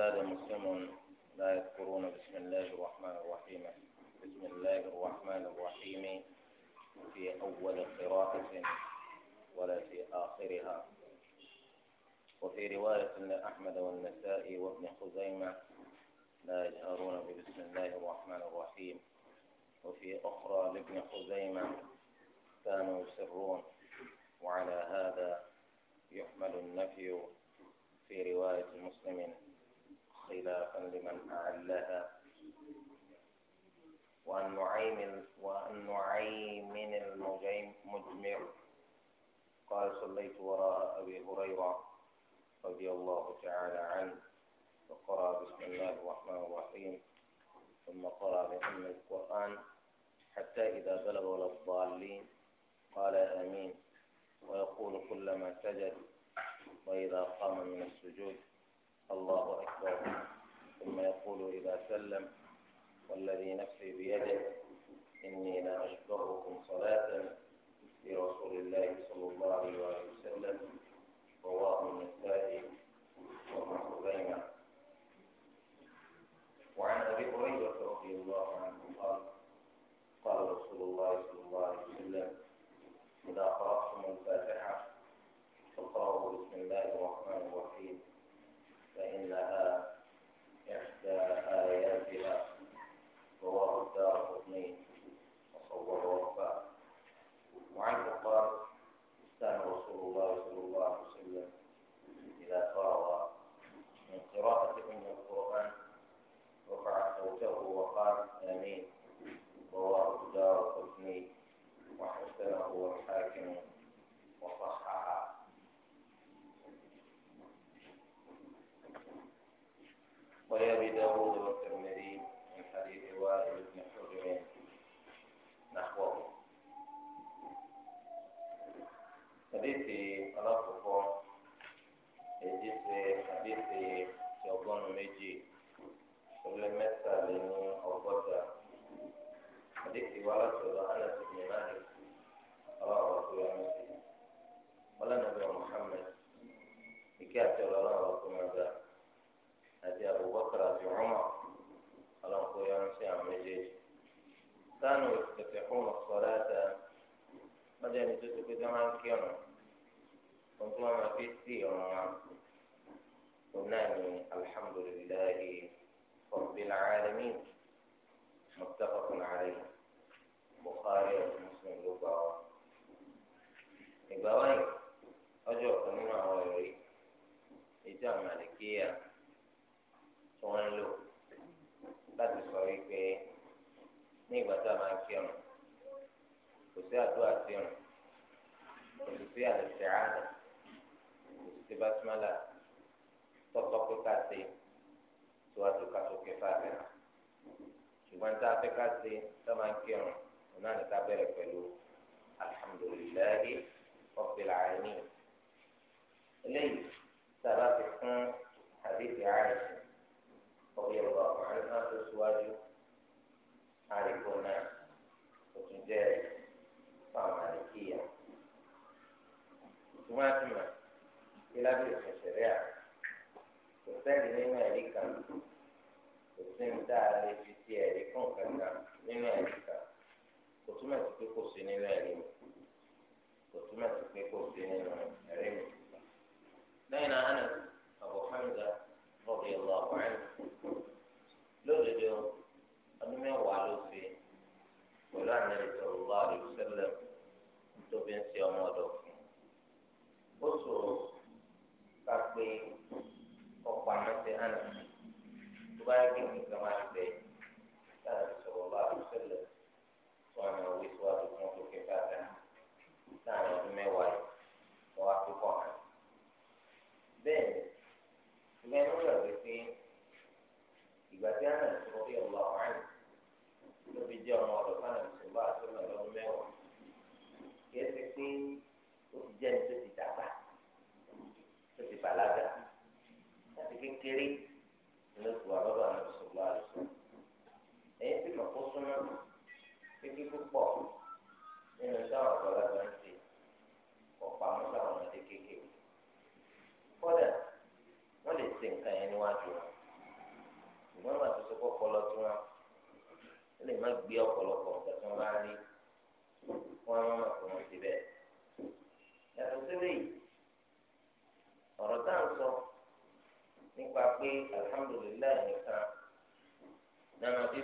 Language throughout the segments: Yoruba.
زاد مسلم لا يذكرون بسم الله الرحمن الرحيم بسم الله الرحمن الرحيم في أول قراءة ولا في آخرها وفي رواية لأحمد والنسائي وابن خزيمة لا يجهرون ببسم الله الرحمن الرحيم وفي أخرى لابن خزيمة كانوا يسرون وعلى هذا يحمل النفي في رواية مسلم خلافا لمن أعلها وأن نعيم وأن نعيم المجمع قال صليت وراء أبي هريرة رضي الله تعالى عنه فقرأ بسم الله الرحمن الرحيم ثم قرأ بأم القرآن حتى إذا بلغ الضالين قال آمين ويقول كلما سجد وإذا قام من السجود الله أكبر ثم يقول إذا سلم والذي نفسي بيده إني لأشكركم صلاة لرسول الله صلى الله عليه وسلم رواه النسائي وابن خزيمة وعن أبي هريرة رضي الله عنه قال قال رسول الله صلى الله عليه وسلم إذا قرأت إله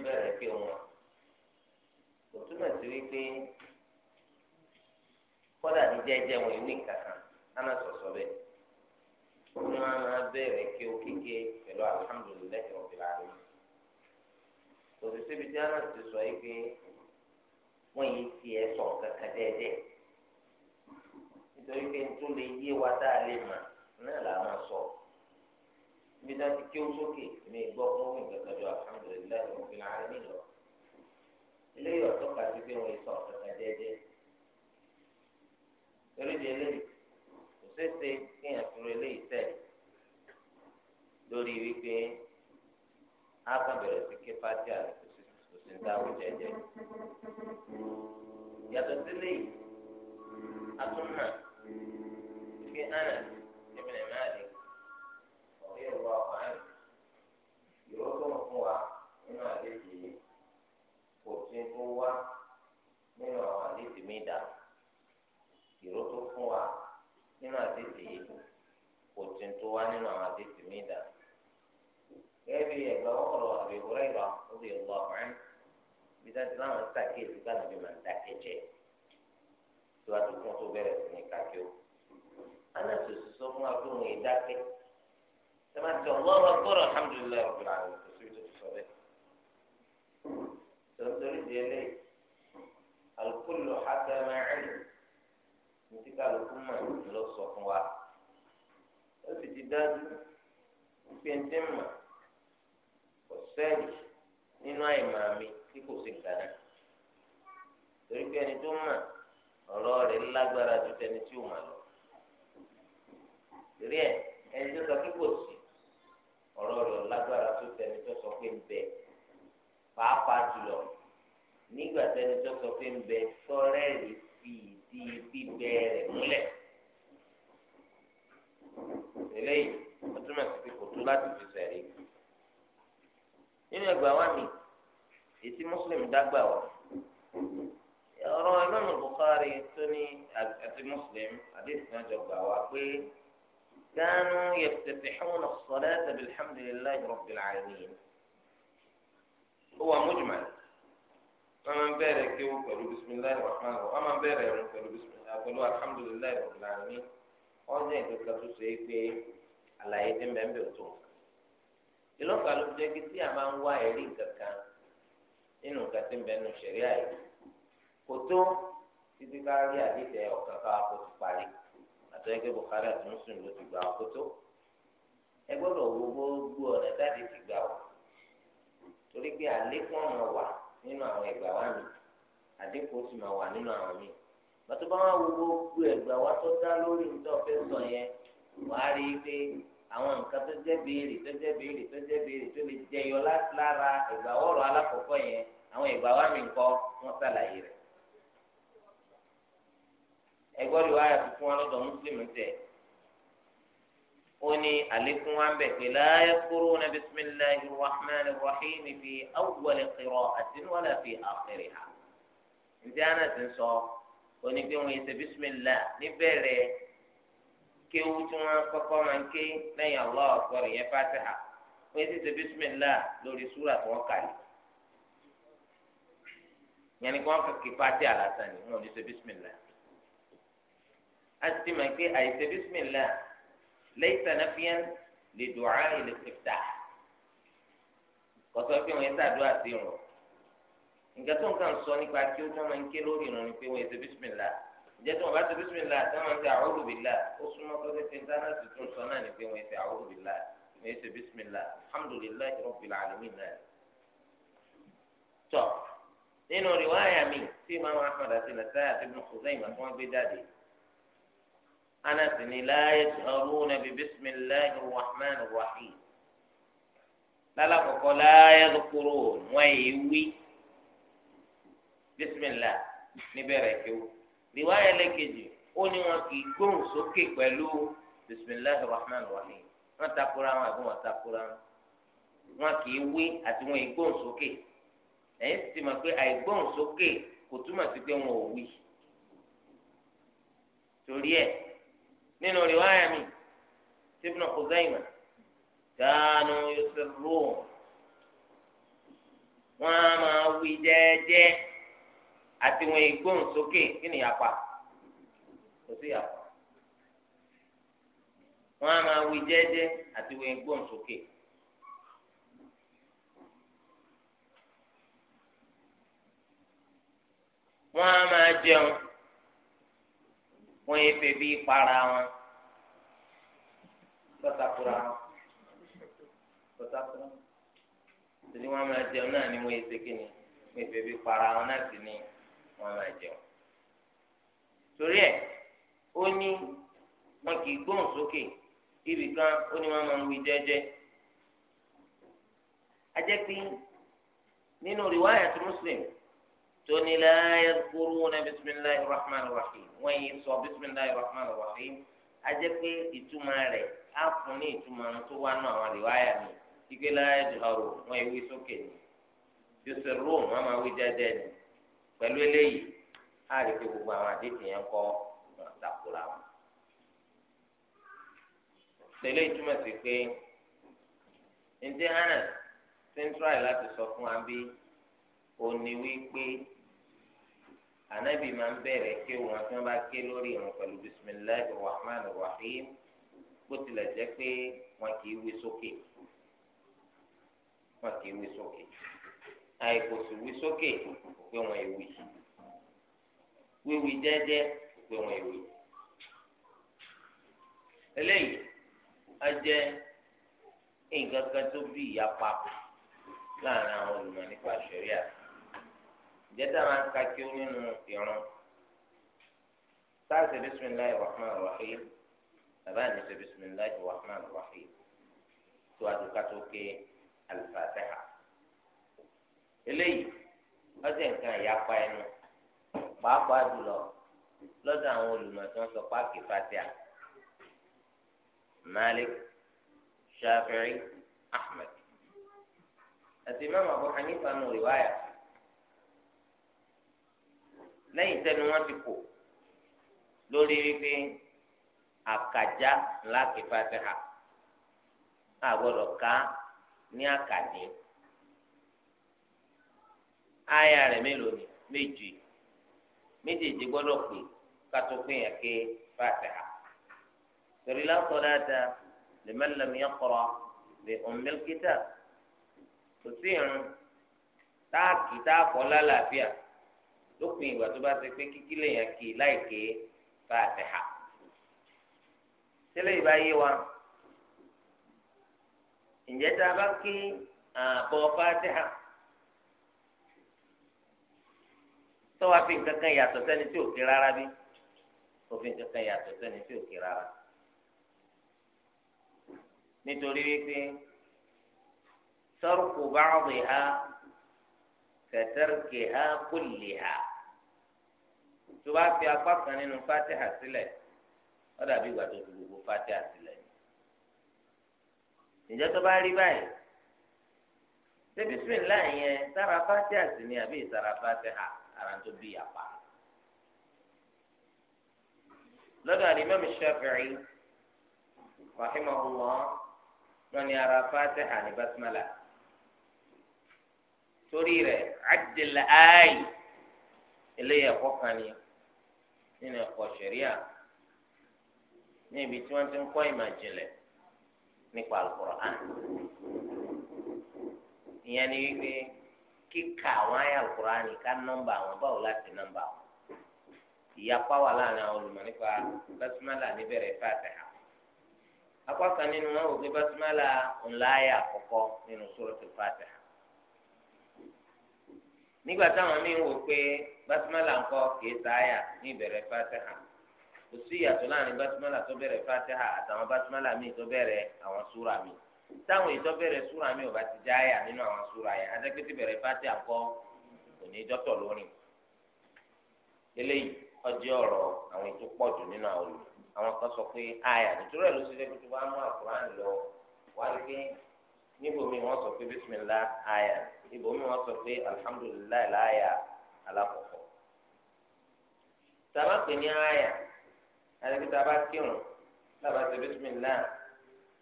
bẹ̀rẹ̀ kí wọn kò túmọ̀ sí wípé kọ́dà ní jẹ́jẹ́ wọn ìwé kankan lánà sọ̀sọ̀ bẹ́ẹ̀ wọn máa bẹ̀rẹ̀ kí o kéke pẹ̀lú alihamudulilayi ọ̀bí láàrin kò sí síbi tí lánà ti sọ yìí pé yìí sọ̀ kankan nítorí pé yé wa lè mà náà làwọn sọ̀rọ̀. بدأ تكيو سوكي من يبقى مؤمن كتجوا الحمد لله رب العالمين ilé yóò tọ́ka sí pé wọ́n sọ ọ̀kankan jẹ́jẹ́ torí di eléyìí kò ṣeéṣe kéèyàn fúnra eléyìí tẹ̀ lórí wípé á kàn bẹ̀rẹ̀ sí ké pátí àná kò sí ń dáwọ́ jẹ́jẹ́ yàtọ̀ sí eléyìí a tún mọ̀ wípé ana ẹ̀mí ẹ̀mí àdé ṣe tó wá nínú àwọn àdéhùn mi dà ìró tó fún wa nínú àdéhùn yìí kò tún tó wá nínú àwọn àdéhùn mi dà gẹ́gẹ́ bí ẹgbẹ́ ọ̀rọ̀ àbí ìwà ó lè lọ bí dájú láwọn ń ṣàkíyèsí ká nàbí máa ń dákẹ́jẹ́ síwájú fún tó bẹ̀rẹ̀ sí ní kájọ́ anáṣẹ òṣìṣọ fún agbóhùn ìdákẹ́ sẹ́mántì ọ̀gbọ́n ọ̀gbọ́n alhamdulilayi tòlótòló di eléyìí alukólo hakama ẹnu ntí kálukú mọ ló sọ fún wa ó sì ti dájú wípé ntí mọ kò sẹ́yìn nínú àìmọ̀ kò sí gánà torí pé ẹni tó mọ ọ̀rọ̀ rẹ̀ ju tẹni tí ò mọ̀ lọ torí ẹ ẹni tó sọ pé kò sí ọ̀rọ̀ rẹ̀ lágbára tó tó sọ pé ń pàápàá jùlọ nígbà tẹni tó sọ pé ń bẹ sọrẹ́ẹ̀lì fi ìdí bíbẹ rẹ̀ múlẹ̀ eléyìí wọ́n túmọ̀ sí pé kò tó láti fi sẹ̀rí nínú ẹgbàá wa mi èsì Muslim dágbà wá ọ̀rọ̀ Imam Bukhari tó ní àti Muslim àdéhùn náà gbà wá pé kánú yẹtẹtẹ xún ọ̀sọ̀rẹ́ tàbí alhamdulilayi rabbil alamin ó wà mujmal wọn máa ń bẹ̀rẹ̀ kí wọn pẹ̀lú bisimilayi rahman wọn máa ń bẹ̀rẹ̀ wọn pẹ̀lú bisimilayi pẹ̀lú alhamdulilayi rahman ni wọn jẹ nǹkan kan tó ṣe é pé àlàyé ti mẹ́mbẹ́ tó nǹkan ìlọ́kà ló jẹ́ kí tí a máa ń wá ẹ̀rí nǹkan kan nínú nǹkan tí ń bẹ nù ṣẹ̀ríà yìí kò tó títí ká rí àdìsẹ́ ọ̀kan ká kó ti parí àtọ́jú ló ti gbà ọ́ kó tó ẹ gbọ́dọ̀ wo ti gbà ọ́ torí pé àlékún ọ̀nà wà nínú àwọn ẹgbà wa mi àdínkù sì máa wà nínú àwọn mi bàtú bá wà wo gbogbo ẹgbàá wa tó dá lórí nítorí ọ̀fẹ́ sọ yẹn wàá rí i pé àwọn nǹkan tó jẹ́ béèrè tó béèrè tó béèrè tó lè lára yẹn àwọn wa mi ẹgbọ́n wọn lọ́dọ̀ mùsùlùmí tẹ̀ ó ní àlékún wa ń bẹ̀ pé láyé kúrò ní bisimilahi rahman rahim fi awwal qira'atin wala fi akhiriha. ǹjẹ́ àná ti ń sọ ó ní pé wọ́n yẹ ṣe bisimilah níbẹ̀rẹ̀ kéwú tí wọ́n kọ́kọ́ máa ń ké lẹ́yìn allah akbar yẹn fatiha wọ́n yẹ ṣe bisimilah lórí súrà tí wọ́n kà yìí yẹnni wọn kì í pati àlàsà wọn ò ní ṣe bisimilá a ti ma pé àìṣe ليس نفيا لدعاء الاستفتاح kọsọ pé wọn ṣàdúrà sí irun nǹkan tó nǹkan sọ nípa kí ó tó máa ń ké lórí irun ni pé wọn ṣe bísímìlá ǹjẹ́ tó wọn bá ṣe bísímìlá tí wọn ṣe a'udhu billah ó súnmọ́ tó ṣe ṣe íńtánẹ́ẹ̀tì tó ń sọ náà ni pé wọn ṣe a'udhu billah wọn ṣe bísímìlá alhamdulillahi rabbil alamin náà. tọ́ nínú rìwáyà mi tí màmá ahmed àti nàìjíríà ti mú kùsẹ́yìn màtí wọ́n gbé jáde أنس لا يجهرون ببسم الله الرحمن الرحيم لا قال لا يذكرون ويوي بسم الله نبركه رواية لكجي أني وكي كون سوكي قالوا بسم الله الرحمن الرحيم ما تقرأ ما يكون ما تقرأ ما كي وي أتمنى يكون سوكي ẹ̀yin sì ti mọ̀ pé àìgbóhùnsókè kò túmọ̀ sí pé wọn ò wí torí ẹ̀ nínú riwaya mi ibn Khuzaimah kánú yusirrun wọn a máa wí jẹ́jẹ́ àti wọn ìgbóhùn sókè kí ni yapa kò sí yapa wọn a máa wí jẹ́jẹ́ àti wọn ìgbóhùn sókè. wọn a máa jẹun wọn yé fẹ́ bí para wọn tọ́takura tọ́takura tòní wọn máa jẹun náà ni wọn yé ṣe kíni wọn yé fẹ́ bí para wọn náà sì ni wọn máa jẹun torí ẹ ó ní wọn kì í gbóhùn sókè ibì kan ó ní wọn máa ń wí jẹ́jẹ́ ajẹ́ nínú rìwáyà Muslim tóní la yadhkuruna bisimilahi rahman rahim wọ́n yìí sọ bisimilahi rahman rahim ajẹ́ pé ìtumọ̀ rẹ̀ á fún ní ìtumọ̀ tó wà nù àwọn àríwáyà mi ìgbé la yajharu wọ́n ewé sókè ni yusirrun wọ́n máa wí jẹ́jẹ́ ni pẹ̀lú eléyìí á rí pé gbogbo àwọn àdéhùn yẹn kọ́ wọn takora wọn. tẹ̀lé ìtumọ̀ sí pé ǹjẹ́ hànà central láti sọ fún wa bí òní wí pé anabi máa ń bẹ̀rẹ̀ kí wọn tí wọn bá ké lórí ìrun pẹ̀lú bisimilahi rahman rahim bó tilẹ̀ jẹ́ pé wọn kì í wí sókè wọn kì í wí sókè àìkò sì wí sókè pé wọn èwì wíwí jẹ́jẹ́ pé wọn èwì eléyìí á jẹ́ nǹkan kan tó bí ìyapa láàrin àwọn olùmọ̀ nípa ṣẹ̀ríà ìjẹta máa ń ka kí ó nínú ìrún sáàsì bisimilahi rahman rahim bàbá mi sọ bisimilahi rahman rahim tó a dùn ká tó ké alifatiha eléyìí ọsẹ nǹkan ìyapa ẹnu pàápàá jùlọ lọ́dọ̀ àwọn olùmọ̀tò ń sọ páàkì fatia malik shafi'i ahmed àti imam abu hanifa nù riwaya lẹ́yìn tẹnu wọn ti kò lórí wípé àkàjá ńlá kì fatiha àgbọ́dọ̀ ká ní àkàdé àyà rẹ̀ mélòó ni méjì méjèèjì gbọ́dọ̀ pè kátó pé yẹn ké fatiha torí lásán dáadáa liman lam yaqra bi ummil kò sí irun táàkì táàkọ́ lálàáfíà lópin ìgbà tó bá ṣe pé kíkí lèèyàn kì í láìké bá a ti hà tẹ́lẹ̀ ìbá yé wa ǹjẹ́ tá a bá kí àbọ̀ fatiha tọ́wọ́ fi nǹkan yàtọ̀ sẹ́ni tí ò kí rárá bí òfin nǹkan kan yàtọ̀ sẹ́ni tí ò kí rárá nítorí wípé sọ́rùkù bá ọ̀bì ha kẹtẹ́rìkì ha kúlì ha tó bá fi apá kan nínú fatiha sílẹ̀ ó dàbí ìgbà tó fi gbogbo fatiha sílẹ̀ ìjọ tó bá rí báyìí ṣé bísímìlá yẹn sára fatiha sí ni àbí ìsára fatiha ara tó bí apá lọ́dọ̀ Imam Shafi'i rahimahullah wọn ni ara fatiha ní basmala torí rẹ̀ adìlẹ̀ ayé eléyẹ̀ kọ́kan nínú ẹ̀kọ́ ṣẹ̀ríà ní ibi tí wọ́n ti ń kọ́ ìmọ̀ ìjìnlẹ̀ nípa alukur'an ìyẹn ni wípé kíkà àwọn ayé alukur'an ká nọ́mbà àwọn báwo láti nọ́mbà àwọn ìyapa wà láàrin àwọn olùmọ̀ nípa basmala níbẹ̀rẹ̀ fàtẹ̀hà apá nínú wọn ńlá ayé àkọ́kọ́ nínú fàtẹ̀hà. nígbà táwọn míín wò pé basimala ńkọ́ kìí sáyà ní ìbẹ̀rẹ̀ fatiha kò sí ìyàtọ̀ láàrin basimala tó bẹ̀rẹ̀ fatiha àtàwọn basimala míín tó bẹ̀rẹ̀ àwọn súra míín táwọn èyí tó bẹ̀rẹ̀ súra míín ò bá ti jáyà nínú àwọn súra yẹn adẹ́gbẹ́tì bẹ̀rẹ̀ fatiha ńkọ́ kò ní dọ́tọ̀ lónìí eléyìí ọjọ́ ọ̀rọ̀ àwọn ètò pọ̀ jù nínú àwọn àwọn kan sọ pé àyà nítorí ibòmí wọn sọ pé alihamudulilayi láàyà alákọ̀ọ́kọ́ sábà pè ní àyà àti sábà kírun sábà ṣe bisimilayi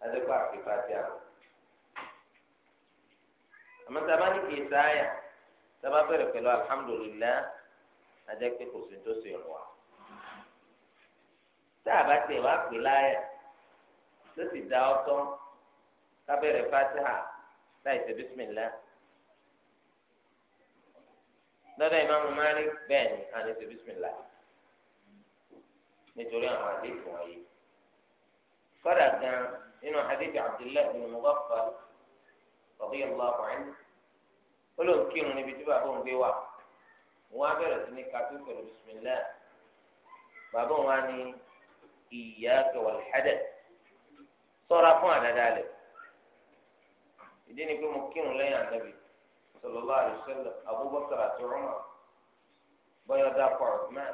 àti kó a ti àwọn àmọ́ sábà ní kìí sáyà sábà bẹ̀rẹ̀ pẹ̀lú alihamudulilayi àti pé kò sí tó sè rùn wá sábà tẹ̀ wá pè láyà tó ti dá ọ́ tán kábẹ̀rẹ̀ fatiha láì ṣe bisimilayi. lọ́dọ̀ ìmáàmù Malik bẹ́ẹ̀ ni a ní ṣe bísímìlá nítorí àwọn àdéhùn wọ̀nyí. kọ́dà gan nínú àdéhùn Abdullahi ibn Mughaffal radiyallahu anhu ó lóun kírun níbi tí bàbá òun gbé wà wọ́n á bẹ̀rẹ̀ sí ní kató pẹ̀lú bísímìlá bàbá òun á ní iyyaka wal hadath fún àdáda rẹ̀ ìdí ni pé mo kírun lẹ́yìn ànábì sallallahu alaihi wasallam abubakar àti umar bọ́yọ̀ dàpọ̀ ọ̀gbọ́n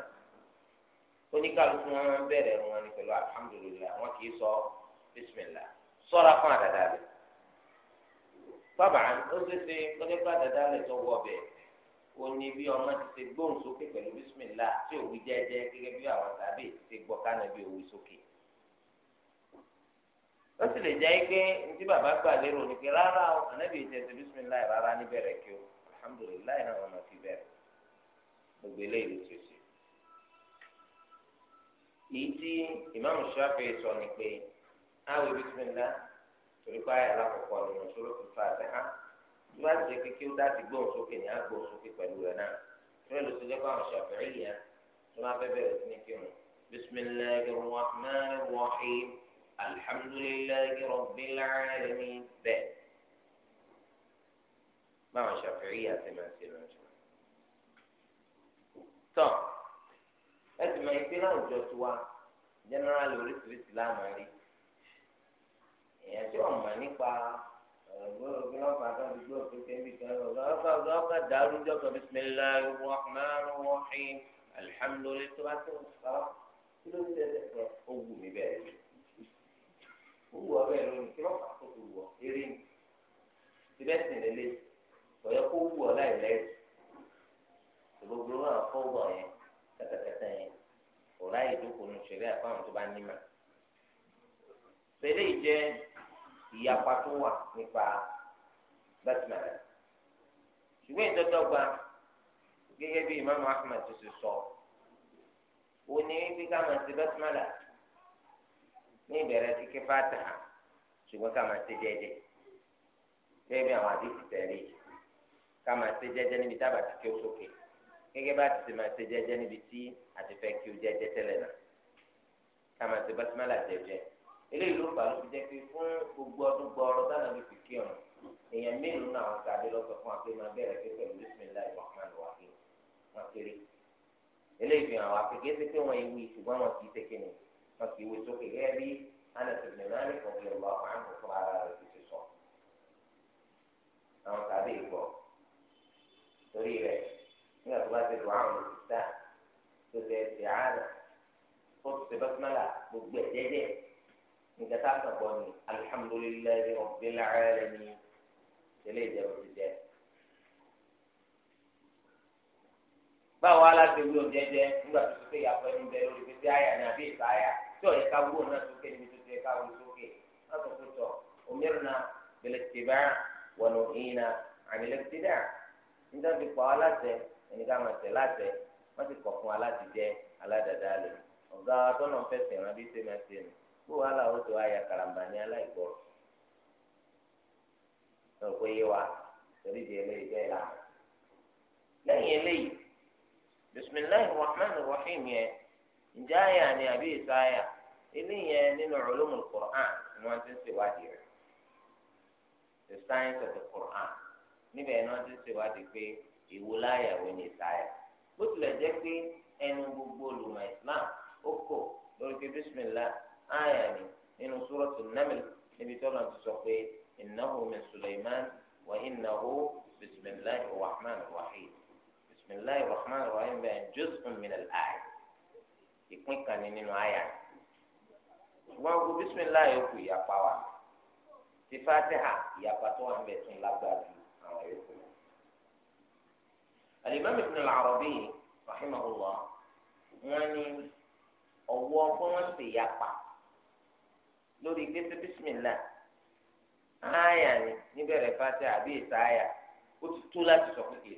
oníkàlùkù wọn bẹ̀rẹ̀ wọn ni pẹ̀lú alhamdulilayi wọn kì í sọ bisimilah sọ́ra fún àdàdà rẹ̀ bàbá ó ṣeéṣe kọ́lẹ́kọ́ àdàdà rẹ̀ tó wọ bẹ̀ ó ní bí ọmọ ti ṣe gbóhùn sókè pẹ̀lú bisimilah tí òwú jẹ́jẹ́ gẹ́gẹ́ bí àwọn tàbí ti gbọ́ kánà bí òwú sókè. ó sì lè jẹ́ bàbá gbà lérò ní pé rárá o ànábì ìjẹsẹ̀ rárá níbẹ̀rẹ̀ kí o alhamdulilayi náà wọn bẹ̀rẹ̀ gbogbo eléyìí ló ṣe ṣe. tí ìmáàmù ṣáfẹ́ sọ ni pé àwọn bísímìlá torí pé àyà fi fa àtẹ̀ hàn tí wọ́n á jẹ́ pé kí ó dáàbì gbóhùn sókè ní sókè pẹ̀lú rẹ̀ náà tí wọ́n الحمد لله رب العالمين ب ما هو شافعية ما يصير ما شاء الله طب أنت ما يصير أنا جوتوا جنرال ورث ورث لا مالي يا يعني شو أم ماني با بسم الله الرحمن الرحيم الحمد لله رب العالمين ó wù ọ bẹ́ẹ̀ lónìí kí lọ́pàá tó fi wù ọ eré ni tìbẹ́sì lélẹ̀ ọ̀yọ́ kó wù ọ láì lẹ́rù gbogbo àwọn fọ́ọ̀bọ̀ yẹn kẹtẹkẹtẹ yẹn kò ráyè dúkùú nù ṣẹlẹ̀ àfáwọn tó bá ní mà sẹ́lẹ̀ jẹ́ ìyapa tó wà nípa bẹ́tìmẹ̀rẹ̀ ṣùgbọ́n ìdọ́dọ́gba gẹ́gẹ́ bí Imam Ahmad ti sọ ó ní bí máa ti bẹ́tìmẹ̀rẹ̀ ní ìbẹ̀rẹ̀ tí kí bá tà á ṣùgbọ́n ká máa ṣe jẹ́jẹ́ bẹ́ẹ̀ bí àwọn àdìsí tẹ̀lé ká máa ṣe jẹ́jẹ́ níbi tá a bá ti kí ó sókè gẹ́gẹ́ bá ti ṣe máa ṣe jẹ́jẹ́ níbi tí a ti fẹ́ kí ó jẹ́jẹ́ tẹ́lẹ̀ náà ká máa ṣe bátímálà jẹ́jẹ́ eléyìí ló fà ló fi jẹ́ pé fún gbogbo ọdún gbọ́ọ́rọ́ sáà náà ló fi kí ọ̀run èèyàn mélòó náà wọn kàdé lọ́sọ̀ fún wọn pé kéésì pé wọn kì í wé sókè gẹ́gẹ́ bí Anas ibn Malik kọ̀ọ̀kì ọ̀lá ọ̀hán kò fún ara rẹ̀ ti ti sọ. àwọn tàbí ìgbọ̀ torí rẹ̀ nígbà tó bá ti dùn àwọn olùsíta tó ti ẹsẹ̀ àárẹ̀ tó ti ti bàtúmọ̀lá gbogbo ẹ̀ jẹ́jẹ́ nígbà tá a kàn bọ̀ ni alhamdulillahi rabbil alamin tẹ́lẹ̀ ìjẹun ti jẹ́. báwo aláṣẹ wí oúnjẹ nígbà tó ti pé ìyàpọ̀ ẹni bẹ lórí pé àyà ni àbí ìta àyà. tí ọ̀yẹ́ ká wúwo náà sókè níbi tó ti yẹ ká wúwo sókè náà tó tó tọ̀ omirna bilẹ̀tìbá wọnú ìyìnà àmìlẹ̀tìdá níta fi pa wá ẹni ká máa tẹ̀ láṣẹ wọ́n ti kọ̀ fún wa jẹ́ aládàáda lè ọ̀gá tọ́nà fẹsẹ̀ rán bí sẹ́mi àti ẹ̀mí kó wàá làwọn tó ayà ní aláìgbọ́ wa torí di bẹ́ẹ̀ la lẹ́yìn eléyìí bisimilahi rahim yẹn ǹjẹ́ àyà ni àbí eléyẹn nínú ulumul Qur'an ni wọ́n ti ń ṣèwádìí rẹ̀ the science of the Qur'an níbẹ̀ ni wọ́n ti ń ṣèwádìí pé ìwo láyà wo ni ìsáyà bó tilẹ̀ jẹ́ pé ẹnu gbogbo olùmọ̀ Islam ó kò lórí pé bísímìlá áyà ni nínú suratul Naml níbi tí wọ́n ti sọ pé innahu min Sulaiman wa innahu bisimilahi rahman rahim bisimilahi rahman rahim bẹ́ẹ̀ juz'un min al-ayah ìpín kan ní nínú áyà ni ṣùgbọ́n gbogbo bísímìlá yòókù ìyapa wa ti fatiha ìyapa tó wà níbẹ̀ tún lágbára ju àwọn yòókù lọ. Al-Imam Ibn al-Arabi rahimahullah wọn ní ọwọ́ kó wọ́n ṣe ìyapa lórí gbèsè bísímìlá ááyà ni níbẹ̀rẹ̀ fatiha àbí ìsááyà ó ti tó láti sọ pé kì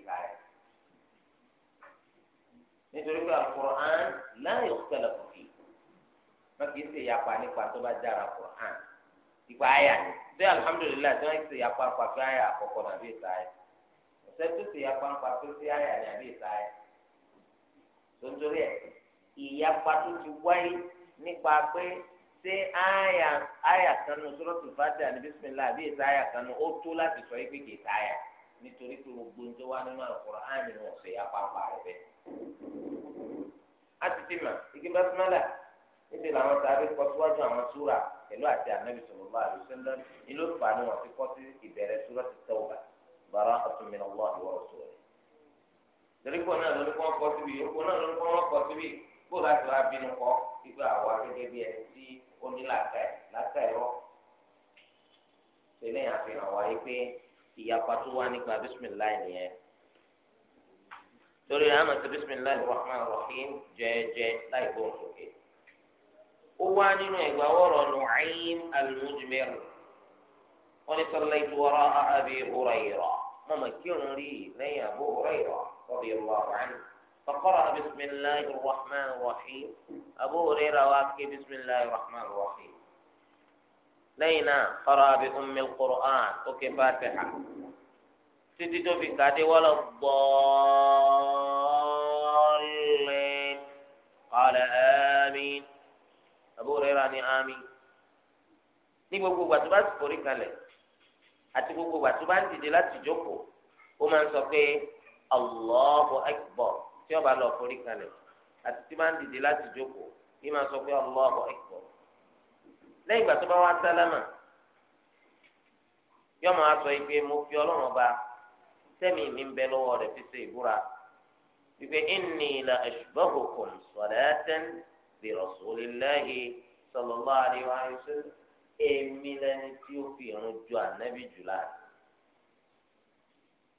nítorí pé Al-Qur'an la yukhtalafu fi wọn kì í ṣe ìyapa nípa tó bá dára Qur'an ìgbà àyà ni ṣé alihamudulilayi tí wọn ṣe ìyapa nípa pé àyà àkọ́kọ́ náà bí ìta ẹ ọsẹ tó ṣe ìyapa nípa pé ṣé àyà ni àbí ìta ẹ tontorí ẹ ìyapa tó ti wáyé nípa pé ṣé àyà àyà kanu sọlọtù fàtẹ àni bisimilá àbí ìta àyà kanu ó tó láti sọ yìí pé kì í nítorí pé gbogbo ní tó nínú Al-Qur'an ni wọn ṣe nípa rẹ bẹ́ẹ̀ níbi làwọn sáré kọ síwájú àwọn súra pẹ̀lú àti ànábì sallallahu alaihi wasallam ní ló fà á ní wọn ti kọ́ sí ìbẹ̀rẹ̀ súra ti Tawbah bara'atun min Allahi wa rasulihi. torí kò náà lórí kò kọ́ síbi kò náà lórí kò kọ́ síbi kó láti wá bínú kọ́ ìgbà wa gẹ́gẹ́ bí ẹni tí ó ní làákàyè làákàyè rọ́. tẹ́lẹ̀ àfihàn wáyé pé ìyapa tó wá nípa bísímìláì nìyẹn torí àmọ̀ sí bísímìláì ووانين يقاور نعيم المجمر ونصليت وراء أبي هريرة ممكن لي لي أبو هريرة رضي الله عنه فقرأ بسم الله الرحمن الرحيم أبو هريرة واكي بسم الله الرحمن الرحيم لينا قرأ بأم القرآن أوكي فاتحة títí توفي fi kàdé wọ́n قال gbọ́ọ́lẹ́ Abu Hurairah ní àmín ní gbogbo ìgbà tó bá ti forí kalẹ̀ àti gbogbo ìgbà tó bá ń dìde láti jókòó ó máa ń sọ pé Allahu Akbar tí ó bá lọ forí kalẹ̀ àti tí bá ń dìde láti jókòó ní máa sọ pé Allahu Akbar lẹ́yìn ìgbà tó bá wá sálámà yóò máa sọ ìgbé mo fi ọlọ́run ọba sẹ́mi mi ń bẹ lọ́wọ́ rẹ̀ fi ṣe ìbúra ìgbé inni la ashbahukum salatan برسول الله صلى الله عليه وسلم èmi lẹni tí ó fi irun ju ànábì jù láàrin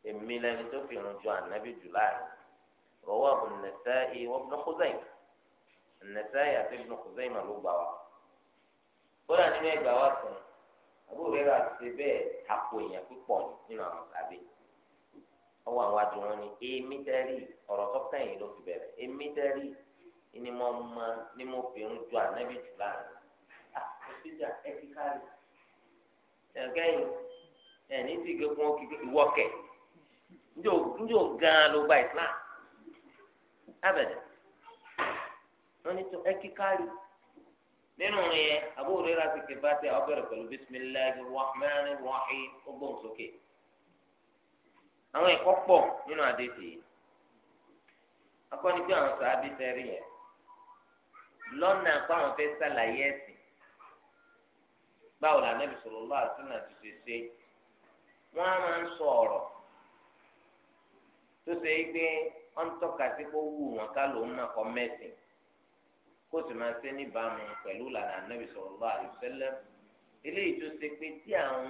èmi lẹni tó fi irun ju ànábì jù láàrin rọwọ́ àbùn Nasa'i wọ́n Ibn Khuzaymah Nasa'i àti Ibn Khuzaymah ló gbà wá kódà nínú ẹgbà wa kan àbúrò rẹ̀ ṣe bẹ́ẹ̀ tako èèyàn púpọ̀ nínú àwọn tàbí ọwọ́ àwọn adùn ni èmi tẹ́rì ọ̀rọ̀ tó ló fi bẹ̀rẹ̀ èmi tẹ́rì ni mo ma ni mo bìrún ju ànábì jù láàrin àkọsíjà ah, ẹ ti kárí ẹgẹyìn ẹ ní ti gan ló gba abẹdẹ wọn tó ẹ kárí nínú yẹn ó sókè àwọn nínú adé tèé akọni pé àwọn sáà bí yẹn. lọ́nà fáwọn fẹ́ sàlàyé ẹ̀sìn báwo la Ànábì sallallahu alaihi wasallam ti ṣe ṣe wọ́n á máa ń sọ ọ̀rọ̀ tó ṣe é gbé wọ́n tọ́ka sí kó wù wọ́n ká ló ń mọ̀ kọ́ mẹ́sìn kó sì máa ṣe níbàámu pẹ̀lú lànà Ànábì sallallahu alaihi wasallam eléyìí tó ṣe pé tí àwọn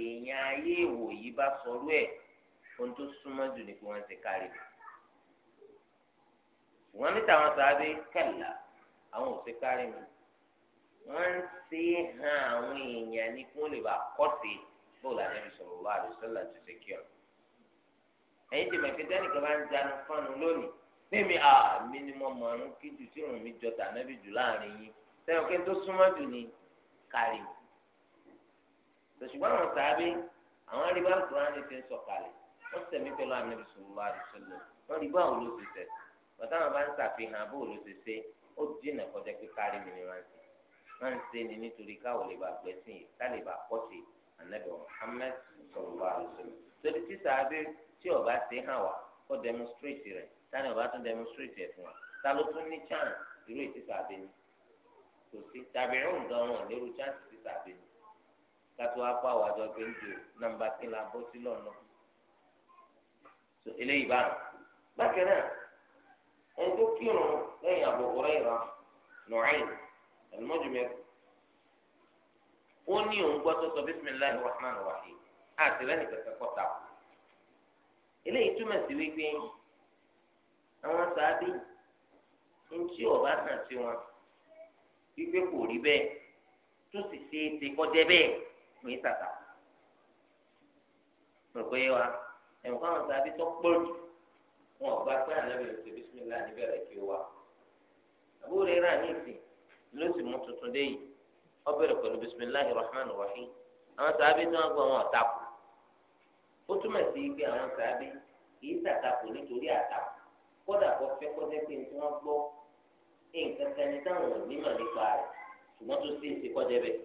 èèyàn ayé ìwò yìí bá sọrú ẹ̀ ohun tó súnmọ́ jù ni pé wọ́n ti kárí. ṣùgbọ́n níta wọn sáré kẹ̀lá àwọn ò ṣe kárí mi wọ́n ń ṣe hàn àwọn èèyàn ní kí wọ́n lè bá kọ́ sí bóòlù àdébí sọ̀rọ̀ wá àdùsọ́là ti ṣe kí ọ. ẹ̀yin ti mẹ̀fẹ́ dánìkan bá ń dánú fọ́nù lónìí mímí à mí ni mo mọ̀ ọ́n kí jù tí òun mi jọ tànábì jù láàrin yín sẹ́yìn pé tó súnmọ́ jù ní kárí mi. tòṣùgbọ́n àwọn sàábé àwọn arígbá kúránì ti ń sọ̀kalẹ̀ wọ́n sẹ̀mí pẹ̀lú àdébí sọ̀rọ̀ wá àdùsọ́là wọ́n rí báwo ló ti tẹ̀ ó dínà kọjá pé kárí mi ni wọ́n ń wọ́n ń ṣe ni nítorí káwọ lè bá gbẹ sí i ká lè bá pọ̀ sí i ànábì Muhammad sallallahu alaihi wasallam torí tí sàábé tí ọba ṣe hàn wá kó demonstrate rẹ̀ táni ọba tún demonstrate ẹ̀ fún wa ta ló tún ní chance irú ètí sàábé ni kò sí tàbí ìrùn gan wọn chance ti sàábé ni kátó wá pa àwọn àjọ gbẹ̀ǹdò nàmbà kí n la bọ́ sí lọ́nà so eléyìí bá bákan náà ẹjọ́ kírun lẹ́yìn Abu Hurairah Nu'aym al-Mujmir ó ní òun gbọ́ tó sọ bisimilahi rahman rahim àti lẹ́nu kẹ̀kẹ́ kọ́ta eléyìí túmọ̀ sí wípé àwọn sáábì ntí ọba náà sí wọn wípé kò rí bẹ́ẹ̀ tó sì ṣe é ti kọjá bẹ́ẹ̀ pé tàtà rògbé wa ẹ̀wọ̀n káwọn sáábì tó pọ̀ jù wọn ò gbà pé ànábì ló ti bísímìlá níbẹ̀rẹ̀ kí ó wà àbúrò rẹ̀ rà ní ìsìn ló sì mú tuntun dé yìí ó bẹ̀rẹ̀ pẹ̀lú bísímìlá rahman rahim àwọn sàábí tí wọ́n gbọ́ wọn àtakò ó túmọ̀ sí pé àwọn sàábí kì í sàtakò nítorí àtakò kódà kó fẹ́ kó jẹ́ pé tí wọ́n gbọ́ nǹkan kan ní táwọn ò nímọ̀ nípa rẹ̀ ṣùgbọ́n tó ṣe é ṣe kọjá bẹ́ẹ̀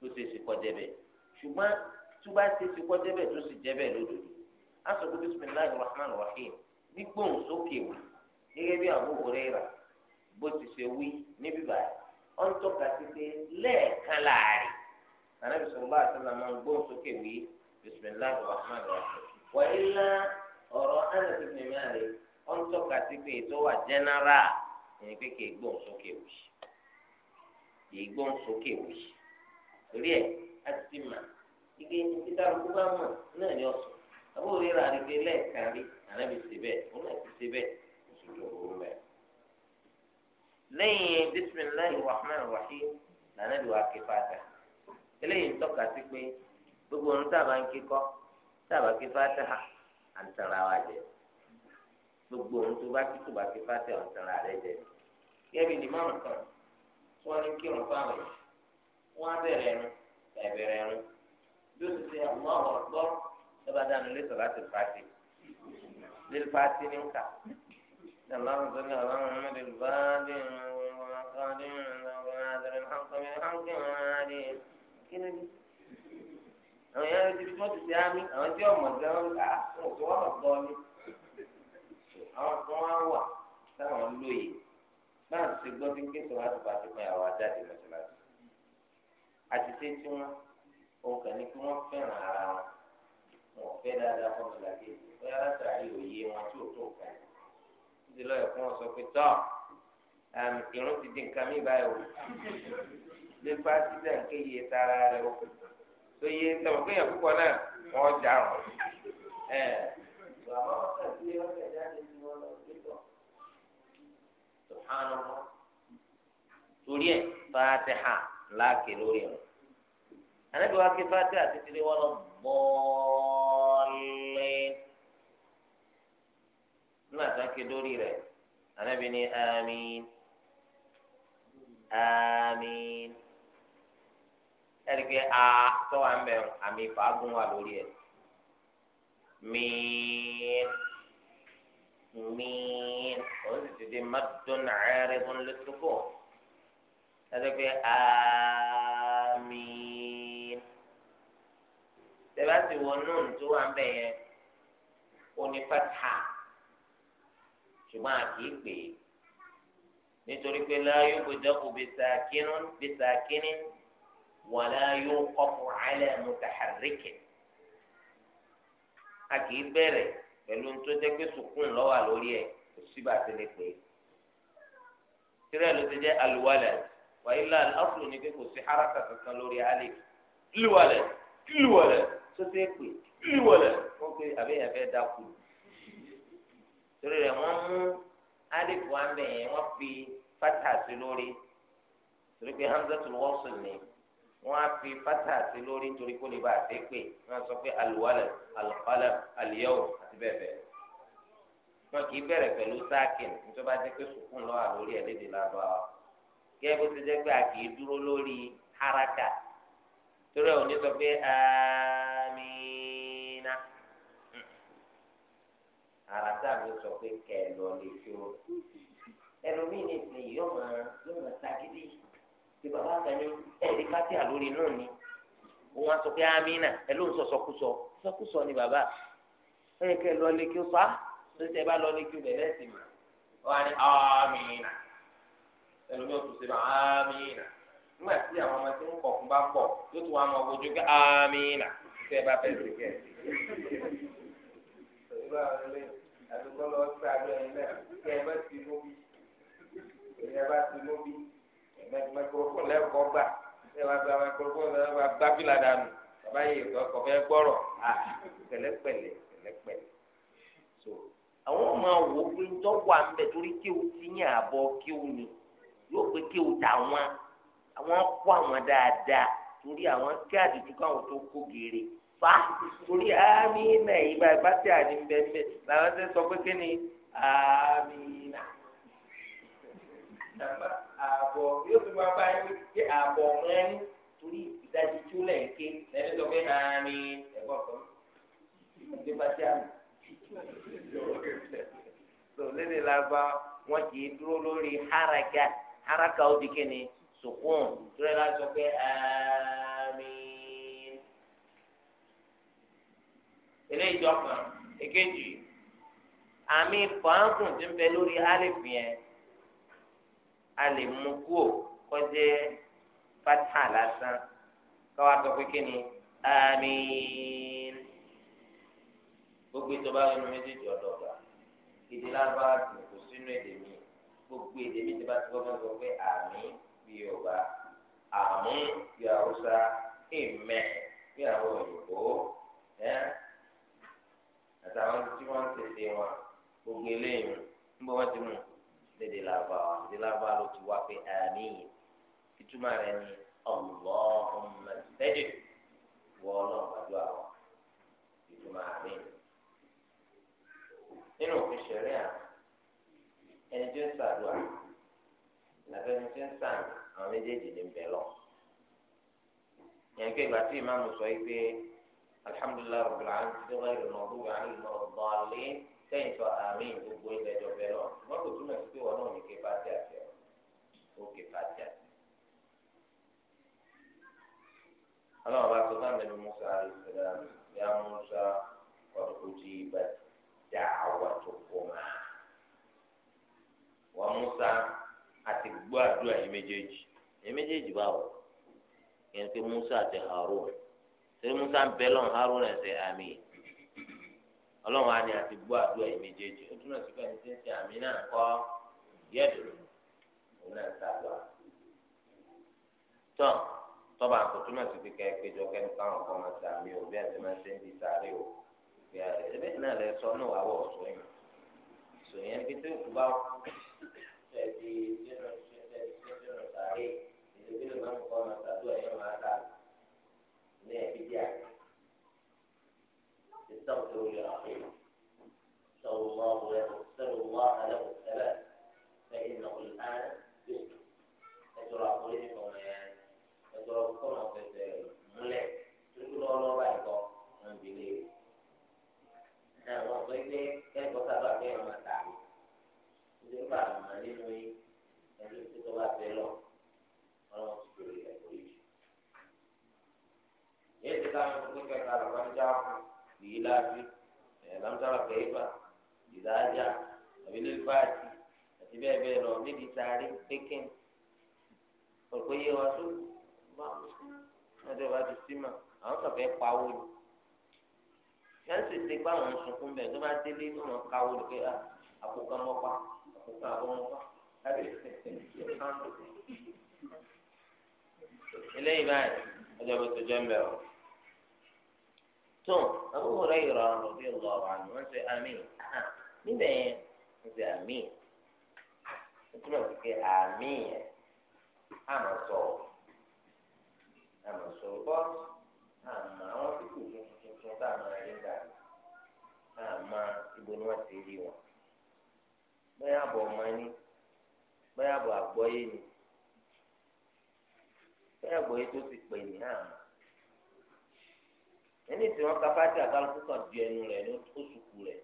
tó ṣe é ṣe kọjá bẹ́ẹ̀ ṣùgbọ́n tó bá ṣe é ṣe kọjá bẹ́ẹ̀ tó sì jẹ́ bẹ́ẹ̀ lódodo asọ̀kú bisimilahi rahman rahim ní gbóhùn sókè wò gẹ́gẹ́ bí Abu Hurairah bó ti ṣe wí níbí báyìí ó ń tọ́ka sí pé lẹ́ẹ̀kan láàrin anabi sọ̀rọ̀ àti ọ̀la máa ń gbóhùn sókè wí bisimilahi rahman rahim wà ilá ọ̀rọ̀ Anas ibn Malik ó ń tọ́ka sí pé ètò wà jẹ́nẹ́rà ẹni pé gbóhùn sókè wì kì gbóhùn sókè wì torí ẹ̀ a ti mà ike títà lóko bá mọ̀ náà ni ọ̀sùn àbúrò rírà ni pé lẹ́ẹ̀kan rí ànábi ṣe bẹ́ẹ̀ òun náà ti ṣe bẹ́ẹ̀ oṣù tó burú bẹ́ẹ̀. lẹ́yìn bisimilahi rahman rahim lànàbí wa ké fata eléyìí ń tọ́ka sí pé gbogbo ohun tábà ń kíkọ́ tábà ké fata à ń tanra wa jẹ gbogbo ohun tó bá kí tó bá ké fata à rẹ jẹ gẹ́gẹ́ bí mọ́mù kan tí wọ́n ní kírun fáwọn wọ́n á bẹ̀rẹ̀ ẹnu ẹ̀bẹ̀rẹ̀ ẹnu bí ó ti ṣe àwọn ọ̀rọ̀ gbọ́ lọ́ba dànù lé sọ̀rọ̀ àti fàtì lé fàtì ní nkà اللهم صل على محمد الفاتح والخاتم والناصر الحق بالحق والهادي كده àwọn yẹn ti fi tọ́tù sí àmì àwọn tí ọmọ gan an kà fún òtún wọn gbọ́ ni àwọn kan wá wà táwọn lóye náà ti gbọ́ bí ké sọ̀rọ̀ àti pàṣẹ fún ìyàwó ajáde mọ́ṣáláṣí àti ṣé tí òun kàn ní kí wọ́n fẹ́ràn ara wọn wọn ò fẹ́ dáadáa fún mi làgé bóyá látàrí òye wọn tí ò tó nǹkan yìí títí lọ́yọ̀ fún wọn sọ pé tọ́ irun ti di nǹkan mi báyìí o lépa títà ń kéye tara rẹ o tó yé tẹ̀wọ̀n kéèyàn púpọ̀ náà wọ́n jà rọ̀ ẹ̀ bàbá wọn kà sí ọ̀sẹ̀ jáde ní wọn lọ sí tọ̀ ké fàtẹ́hà títí lé wọn lọ́mọ. الضالين ما تأكدوا لي لي أنا بني آمين آمين ẹ̀ríkẹ́ a tó wà ń bẹ̀ àmì fàágùn wà lórí ẹ̀ mìín mìín òun sì ti di mádùn àárẹ̀ fún lẹ́tọ́kọ̀ ẹ̀ríkẹ́ àmín tẹ̀bá ti wọ nùn tó wà ń bẹ̀ yẹn onífàtà ṣùgbọ́n a kì í pè é nítorí pé láyé gbèdéko bìsàkínú bìsàkínú wà láyé kọ́kọ́ alẹ́ mùtàhárìkì a kì í bẹ̀rẹ̀ pẹ̀lú tó jẹ́ pé sùkún lọ́wọ́ lórí ẹ̀ kò síbà ti lè pè é ló ti jẹ́ aluwalẹ̀ wàyí láàlú ọ̀sùn ni pé kò sí haraka kankan lórí alẹ́ kílùwalẹ̀ kílùwalẹ̀ tó ṣe é pè ìwọlẹ wọn pe àbẹyẹ fẹẹ dákú torí rẹ wọn mú alifu amẹ yẹn wọn fi fatasi lórí torí pé hamzatul wasl ni wọn á fi fatasi lórí torí kó lè bá a ṣe é pè wọn sọ pé alwalad alqalam alyawm àti bẹ́ẹ̀ bẹ́ẹ̀ wọn kì í bẹ̀rẹ̀ pẹ̀lú sáàkìn nítorí bá jẹ́ pé sùkún lọ́wọ́ lórí ẹ̀ lédè ládùá wa gẹ́gẹ́ ti jẹ́ pé a kì í dúró lórí haraka torí ẹ̀ ò ní sọ pé ẹ́ẹ́. ara tá a lè sọ pé kẹ lọ lè fi o ẹlòmíì ní ìsìn yóò máa yóò máa ṣàgídí tí bàbá kan ní ẹ̀ẹ́dì kátíà lórí náà ni òun á sọ pé amínà ẹ ló ń sọ sọkúsọ sọkúsọ ni bàbá ẹ kẹ lọ lè kí o fa ló tẹ bá lọ lè kí o bẹ̀rẹ̀ sí mà wọ́n á ní amínà ẹlòmíì ò tún ṣe máa amínà nígbà tí àwọn ọmọ tí ń kọ̀ fún bá pọ̀ yóò tún wá máa wojú pé amínà tẹ bá fẹ́ sí kẹ́ẹ̀ àdúgbò lọ sí abẹ́ yẹn náà kí ẹ bá ti mú bí ẹ bá ti mú bí mẹkurofó lẹ́kọ̀ọ́ gbà ẹ bá gba mẹkurofó lẹ́kọ̀ọ́ gbà gbábìlà dànù bàbá yìí kọ̀ fẹ́ gbọ́rọ̀ pẹ̀lẹ́pẹ̀lẹ́ pẹ̀lẹ́pẹ̀lẹ́ so àwọn ọmọ wo pé tọ́wọ́ à ń bẹ̀ torí kí o ti yàn àbọ̀ kí o ní yóò pé kí o tà wọn àwọn kó àwọn dáadáa torí àwọn kí àdìtú káwọn tó kó geere fa orí àmì náà ìgbà ìgbà tí a ní bẹ́ẹ̀ bẹ́ẹ̀ làwọn ṣe sọ pé kí ni àmì náà nàmbà àbọ̀ yóò fi máa bá yín pé àbọ̀ rẹ̀ ní torí ìdajì tí ó lẹ̀ ké lẹ́yìn sọ pé àmì ẹ̀gbọ́n kan ọdún bá tí a mọ̀. tó lédè lágbá wọn kì í dúró lórí haraka haraka ó di kí ni sùkúùn tó lè lásọ pé àmì. eléyìí tó kàn èkejì àmì fàákùn ti ń bẹ lórí alif yẹn a lè mú kúò kọjá fatah lásán káwá sọ pé kí ni àmín gbogbo ìjọba ẹnu méjèèjì ọdọọgba èdè lábára tó kò sínú èdè mi gbogbo èdè mi ti bá ti gbọ́dọ̀ sọ pé àmín bí yorùbá àmín bí haúsá èmẹ bí àwọn òyìnbó ẹ àtàwọn tí wọ́n ń tètè wọn gbogbo eléyìí ń bọ́ wọ́n ti mú lédè làbà lédè làbà ló ti wá pé àníyàn ìtumọ̀ rẹ̀ ni ọlọ́ọ̀mọ tẹ́jì wọ́n náà gbàdúrà wọn ìtumọ̀ àmì nínú òfin ṣẹlẹ̀ à ẹni tí ń ṣàdúrà làbẹ́ni tí ń sàn àwọn méjèèjì ní bẹ́ẹ̀ lọ. yẹn kéka tí ìmáàmù sọ yìí pé. الحمد لله رب العالمين غير المغضوب عليهم ولا الضالين سين تو امين بو ايدا جو بيرو ما كنت انا في وانا ني كي باتي أنا او كي باتي اكي انا ابا سلطان بن موسى عليه السلام يا موسى قد اجيبت دعوتكما وموسى اتي بوا دعاء ايميجيجي ايميجيجي باو ان يعني في موسى تهارون torí musa ń bẹ lọ́n haruna ẹ̀sẹ̀ àmì ọlọ́run àni àti gbọ́ àdúrà yìí méjèèjì ó túnà sí pẹ̀lú tẹ́sí àmì náà kọ́ yẹ́dù òun náà sàdúrà tán tọ́ba àkó túnà sí pẹ̀lú kẹ́kẹ́jọ kẹ́ni káwọn kan máa ṣe àmì òbí àti máa ṣe ń di sáré o ẹ̀bẹ̀ náà lẹ sọ náà wàá wọ̀ ọ̀ṣọ́ yìí sọ yẹn ní pété òkú bá ṣẹ̀dí من البدع استغفروا لأخيكم صلى الله له صلى الله له الثبات فإنه الآن يسلم أترى أقولكم يا أترى أقولكم في ملك تقول الله بايكم من بليه náà wọ́n sọ pé kẹ́kọ̀ọ́ sábà pé wọ́n máa tà mí ìdí nípa àmọ́ nínú yìí ẹni tó tó bá fẹ́ lọ ọlọ́run تعمل كل كذا لم تعرف بإلاف لم ترى كيف إذا جاء أبن الفاتي أتبع بين أمني بتاريخ بكين فالكوية واسو ما هذا بعد السمع أنا كفاية قاول yẹn sì ti gbá àwọn sunkún bẹ́ẹ̀ tó bá délé ní wọn káwó ló pé àkókò mọpa àkókò àbọmọpa lábẹ́ eléyìí báyìí ọjọ́ bó tó jẹ ń bẹ ọ. tó Abu Hurairah radiyallahu anhu wọ́n ṣe àmín ah, níbẹ̀ yẹn wọ́n ṣe àmín wọ́n túmọ̀ sí pé àmín yẹn àmọ̀ sọ̀rọ̀ àmọ̀ sọ̀rọ̀ bọ́ àmọ̀ àwọn pípò tuntun tá a máa rí gbà àmọ̀ ibo ni wọ́n ti rí wọn bóyá àbọ̀ ọmọ bóyá ni bóyá ẹni tí wọn kápá tí àgbàlùkù kan di ẹnu rẹ ní oṣù kù rẹ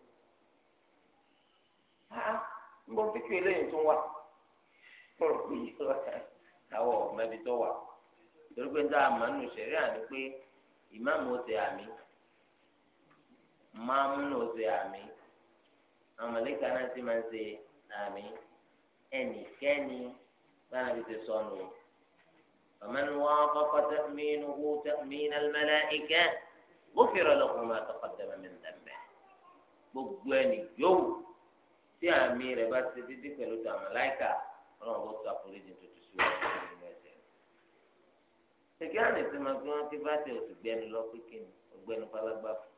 ń bọ fíkì eléyìí tún wà kúrò pé àwọn ọmọ ibi tó wà torí pé dáa máa nù sẹ̀rí àní pé ìmáàmù ó àmì máàmù náà àmì àmàlẹ́kà náà ti máa ń ṣe àmì ẹnikẹ́ni báyìí ti ti sọnù ọ̀mẹ́ni wọn kọ́kọ́ tẹ́ mí inú mẹ́lẹ́ ìkẹ́. غفر له ما تقدم من ذنبه gbogbo يوم yóò tí àmì rẹ bá ti dídí pẹ̀lú tàmàláìkà ọlọ́run bó ta foríjì tó ti sùn wọn nínú ẹsẹ̀ rẹ̀. kẹ̀kẹ́ àná ti máa gbé wọn kí bá tẹ òsì gbẹnu lọ pé kí ni ọgbẹnu pálágbá fún.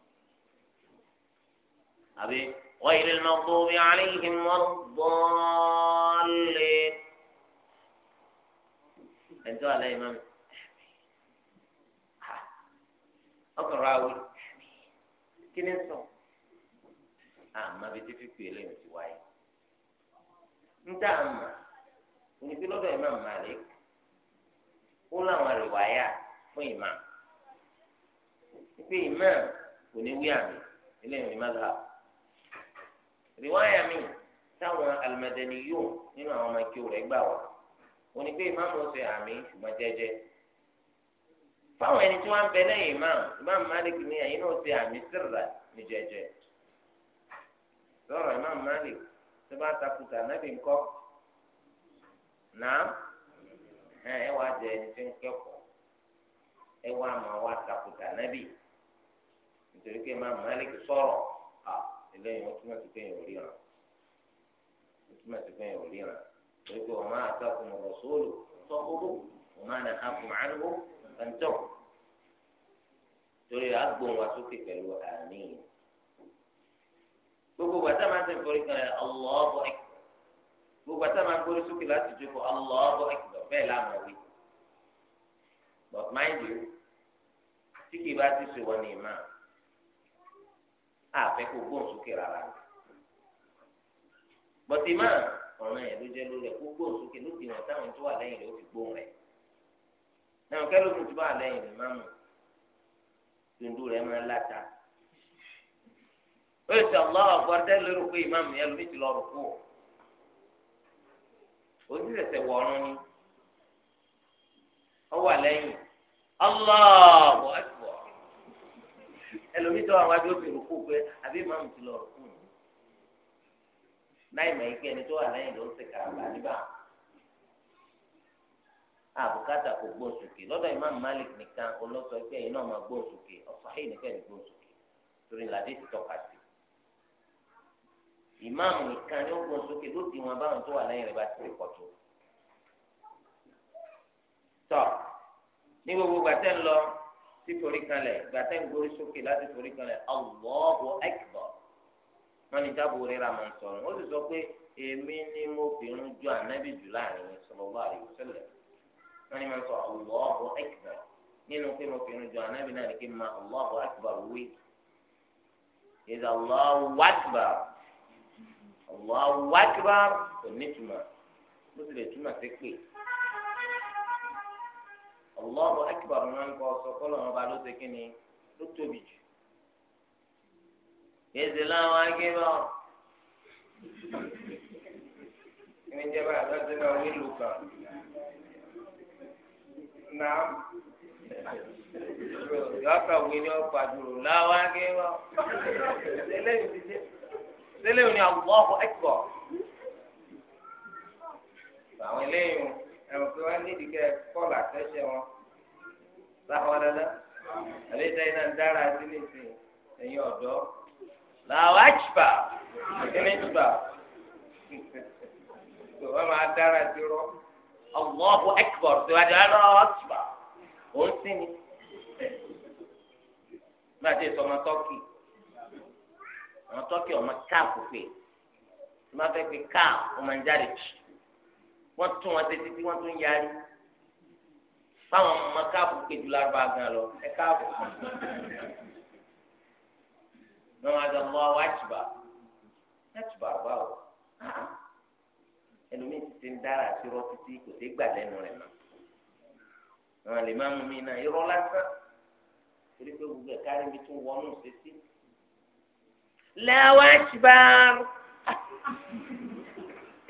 àbí wọ́n ilé lọ bó bí aláìhìn wọn bọ́ọ̀lì. ẹ̀jọ́ àlẹ́ ìmọ̀ mi. ọkàn ra wí kí ni sọ àmọ́ bí tí fífi eléyìí ti wáyé ń dá àmà onígbé lọ́dọ̀ Imam Malik ó láwọn àríwáyà fún ìmá pé ìmá kò ní wí àmì eléyìí ní mọ́tà àríwáyà mi táwọn al-Madani yóò nínú àwọn ọmọ ìkíw rẹ̀ gbà wá onígbé ìmá mọ̀ ṣe àmì ṣùgbọ́n jẹ́jẹ́. fáwọn ẹni tí wọ́n ń bẹ lẹ́yìn imáàmù imáàmù Malik ní ẹ̀yin náà ṣe àmì sírra ní jẹ́jẹ́ Malik tó bá takuta nábì ńkọ́ náà ẹ wá jẹ ẹni tí ń kẹ́kọ̀ọ́ ẹ wá máa wá nábì nítorí pé Malik sọrọ à eléyìí wọ́n túmọ̀ sí pé èèyàn ò túmọ̀ sí pé èèyàn ò máa sóòlù kan tọ̀ torí àgbọn wa sókè pẹ̀lú àmín gbogbo bàtà máa ń tẹ̀ forí kan Allahu Akbar gbogbo bàtà máa ń gbórí sókè láti jókòó Allahu Akbar bẹ́ẹ̀ láwọn wí but mind you tí kì í bá ti sèwọ́n ní ìmá àfẹ́ kò gbóhùn sókè rárá but ìmá ọ̀ràn yẹn ló jẹ́ lórí ẹ̀ kó gbóhùn sókè lókè wọn táwọn tó wà lẹ́yìn rẹ̀ ó fi gbóhùn rẹ̀. náà kẹ́lò mi ti bá lẹ́yìn ní mámu tundu rẹ̀ máa o ó sì ọ̀gbọ́n ọ̀gbọ́dẹ́ lórí pé ìmáàmù yẹn lómi ti lọ rò kú ó sì tẹ̀sẹ̀ wọ̀ọ́rùn ni ó wà lẹ́yìn Allahu ẹlòmí tó àwọn adó bèrè kú pé àbí ti náà ìmọ̀ yìí ẹni tó wà ló ń àbùkátà kò gbóhùn sókè lọ́dọ̀ imam malik nìkan olóṣọ pé ẹ̀yin náà máa gbóhùn sókè ọ̀sọ́hìn nìkan ní gbóhùn sókè torí làdé ti tọ́ka sí imam nìkan ní ó gbóhùn sókè ló di wọn báwọn tó wà lẹ́yìn rẹ̀ bá ti rí pọ̀tó. tọ́ ní gbogbo gbàtẹ́ ń lọ sí forí kanlẹ̀ gbàtẹ́ ń gorí sókè láti forí kanlẹ̀ Allahu akbar wọn ní dábò rẹ̀ máa ń sọ̀rọ̀ ó sì sọ pé èmi ni mo fi ń ju ànábì jù láàrin sallallahu alaihi wọ́n ní máa sọ Allahu Akbar nínú pé mo fi irun jọ anábì náà ní kí n máa Allahu Akbar wí. ìdá Allahu Akbar Allahu Akbar kò ní túmọ̀ bó tilẹ̀ túmọ̀ sí pé Allahu Akbar máa ń kọ́ sọ kọ́ lọ́wọ́ ló ṣe kí ni ló tóbi jù. èzè láwọn akébọ̀ ẹni jẹ́ bá àgbàdo wílù kan náà lọ́kàwé ni wọ́n gbàdúrò láwọn akẹ́wà lélẹ́yìn ni àwọn ọkọ̀ ẹ̀kọ́ àwọn eléyìn ẹ̀rọ pé wọ́n ní ìdíkẹ́ kọ́ọ̀lù àtẹ́sẹ̀ wọn láwọn dáadáa àbí ìtẹ́yìn náà dára sí ní ìsìn ẹ̀yìn ọ̀dọ́ làwọn àjùbà ìdílé jùbà wọ́n máa dára sí rọ́ọ̀. Allahu Akbar síwájú aláàtúbà ó ń sinmi nígbà tí èso ọmọ tọ́kì ọmọ tọ́kì ọmọ káàpù pé tí wọ́n fẹ́ pe káàpù ọmọ ń jáde jù wọ́n tún wọn títí tí wọ́n tún yarí báwọn ọmọ káàpù pé jù lárúbá gan lọ ẹ káàpù náà wọ́n á jọ lọ́wọ́ àtúbà àtúbà báwo ẹlòmíì ti ti ń dára àti irọ́ títí kò sí gbà lẹ́nu rẹ̀ mọ́ àwọn àlè máa mú mi náà irọ́ lásán torí pé gbogbo ẹ̀ka rẹ̀ mi tún wọnú sétí. lẹ́wọ́ àṣìbá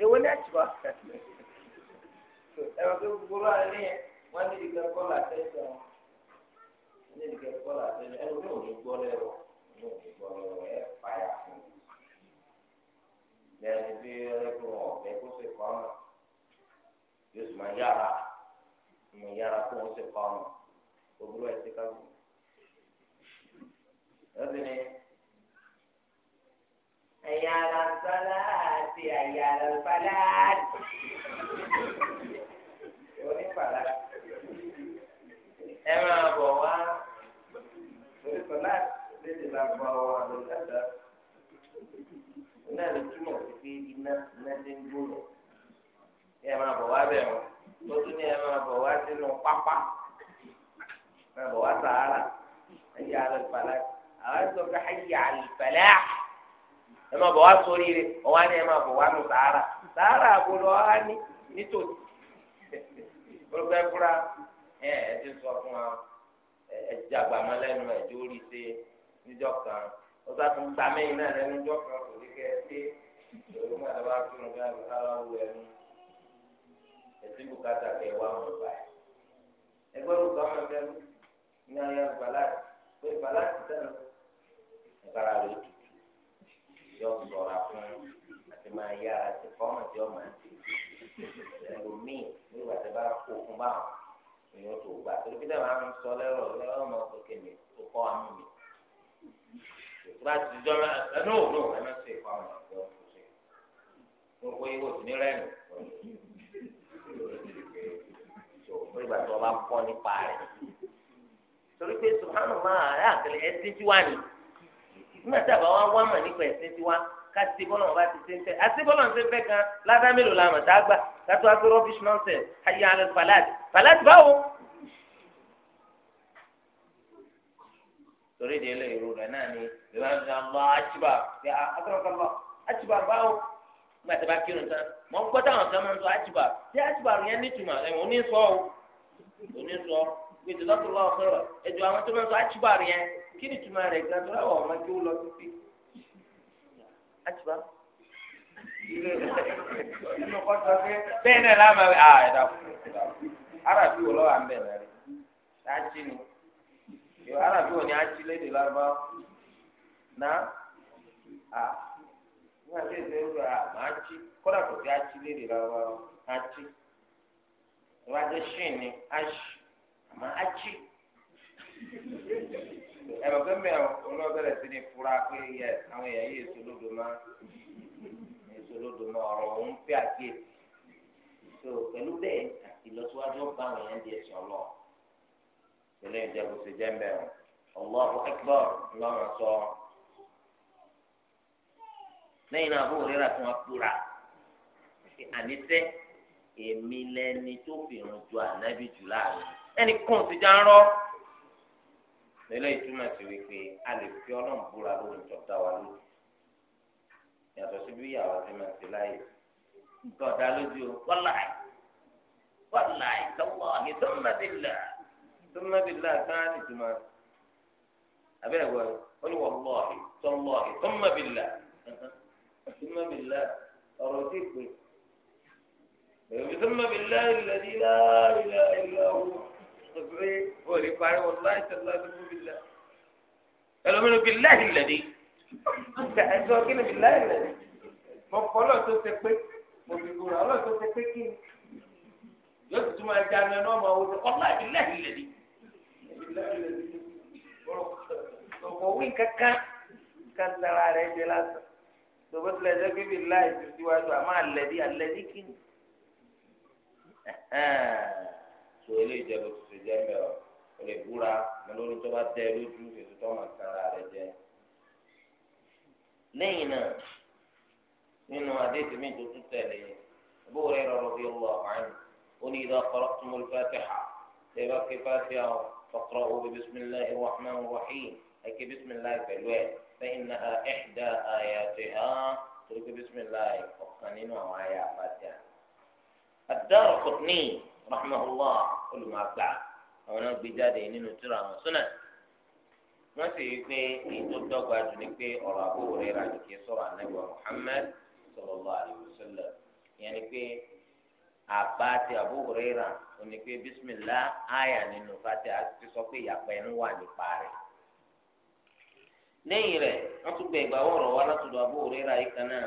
èwo ní àṣìbá ẹ̀rọ pé gbogbo rẹ̀ wọ́n ní ìgbà kọ́ làtẹ́sán lágbáwá lọ dáadáa náà ló túmọ̀ sí pé iná iná ti ń gbóná ẹ máa bọ̀ wá bẹ̀rù lọ́dún ní ẹ máa bọ̀ wá sínú pápá máa bọ̀ wá sàárà ayé alẹ́ fàlà àwọn sọ pé ayé alẹ́ fàlà ẹ máa bọ̀ wá sórí rẹ ọ̀wá ni ẹ máa bọ̀ wá nù sàárà sàárà àbúrò ọ̀há ní nítòsí gbogbo ẹ̀kúra ẹ̀ ẹ̀ ti sọ fún wa ẹ̀ ẹ̀ ti àgbàmọ́lẹ́nu ẹ̀ jórí ṣe níjọ́ kan ó sábà ń ta mẹ́yìn náà lẹ́nu níjọ́ kan kò ní kẹ́ ẹ pé ìṣòro máa lọ bá fi hàn bí àwọn ará wù ẹnu ẹtí bùkátà kẹ wá wọn báyìí. ẹgbẹ́ wo kọ́ máa bẹ́ẹ̀ ní ayé balasi pé balasi sẹ́nu ìbára rẹ̀ tutù yọ sọ̀rọ̀ fún àti máa yára ti fọ́ọ̀mù tí ó máa ti ẹlòmíì nígbà tí bá kó fún báwọn èèyàn gbà torí pé dáhùn sọ lẹ́rọ̀ lẹ́rọ̀ ọmọ kékeré tó kọ́ àmú mi bá ti jọ ẹ náà lò ẹ náà ṣe ìfọwọ́n àti ọ̀hún kò ṣe gbogbo ìwò sí ní rẹ́ẹ̀nù lórí ìgbà tí wọ́n bá kọ́ nípa rẹ̀ torí pé subhanahu máa rẹ̀ àkẹlẹ ẹsìn tiwa ni nígbà tí àbá wa wá mà nípa ẹsìn tiwa ká ti bọ́lá wọn bá ti ṣe ń tẹ àti bọ́lá wọn ṣe fẹ́ kan ládàá mélòó la mọ̀ tá kátó wá pé rubbish nonsense ayé alẹ́ torí de ilé ìró rẹ náà ni bàbá mi sọ lọ àtibá ṣe àtọkọ lọ àtibá báwo nígbà tí a bá kírun tán mọ ń gbọ́ táwọn kan ń sọ àtibá ṣé àtibá rẹ yẹn ẹ̀jọ̀ àwọn tó máa ń sọ àtibá kí ni ìtumọ̀ rẹ̀ gan tó ọmọ lọ títí àtibá bẹ́ẹ̀ náà arabi wo ni ati lédè na a ní tí èdè a ma má ti kódà kò sí ati lédè lárúbá ati ìwà shin ni ashi àmọ́ achi ẹ bẹ pé mẹ sí ni fura pé yẹ àwọn èèyàn yìí èso lódò má èso lódò má ọ̀rọ̀ òun so pẹ̀lú bẹ́ẹ̀ ìlọsíwájú àwọn èèyàn di ilé ìjẹun ṣe jẹ́ mbẹ́ o Allahu Akbar lọ́rùn sọ. lẹ́yìn náà àbúrò rírà tí wọ́n kúra àníṣe èmi lẹni tó fìrùn ju ànábì jù láàrin ẹnì kan ti já ń rọ lẹ́lẹ́ ìtumọ̀ sí wípé a lè fi ọlọ́run búra lórí ìjọba wa lójú yàtọ̀ sí bí ìyàwó ti máa ti láàyè nǹkan ọ̀dà lójú wọ́n láì wọ́n láì tọ́wọ́ àgbẹ̀tọ́ mọ́tẹ́lẹ̀. ثم بالله ثاني ثم أبي أقول قل والله تالله ثم بالله ثم بالله أرتيك ثم بالله الذي لا إله إلا هو هو اللي والله تالله ثم بالله قالوا منه بالله الذي ẹjọ́ kí ni bìlá ẹ̀rẹ̀ mo kọ́ lọ́ọ̀ tó ṣe pé mo fi gbòòrò ọlọ́ọ̀ tó ṣe pé kí yóò tuntun ọmọ ọ̀pọ̀ wí kankan kan tara rẹ̀ jẹ lásán tòbó tilẹ̀ jẹ́ bíbí láì tó síwájú àmọ́ àlẹ́dí àlẹ́dí kí ni. tó ilé ìjẹun tó ti jẹ́ mẹ́rọ o lè búra lórí tó bá tẹ lójú ètò tó máa tara rẹ̀ jẹ. lẹ́yìn náà nínú àdéhùn mi tó tún tẹ̀lé Abu Hurairah radiyallahu anhu ó ní idha qara'tumul Fatiha tẹ́ bá ké fáfíà ọ̀. فاقرأوا ببسم الله الرحمن الرحيم أي بسم الله فلوه فإنها إحدى آياتها تلك بسم الله وقنين وآية فاتحة الدار قطني رحمه الله كل ما أبدع أو نبي جادي إنه ترى سنة wọ́n sì rí pé èyí tó dọ́gba jù ní pé ọ̀rọ̀ àbúrò rẹ̀ rà ní àbá ti Abu Huraira òní pé bísímìlá àyà nínú fatiha ti sọ pé ìyàpẹ́ ń wà nípa rẹ̀ lẹ́yìn rẹ̀ wọ́n tún gbẹ ìgbàwọ́ ọ̀rọ̀ wa látọ̀dọ̀ Abu Huraira yìí kan náà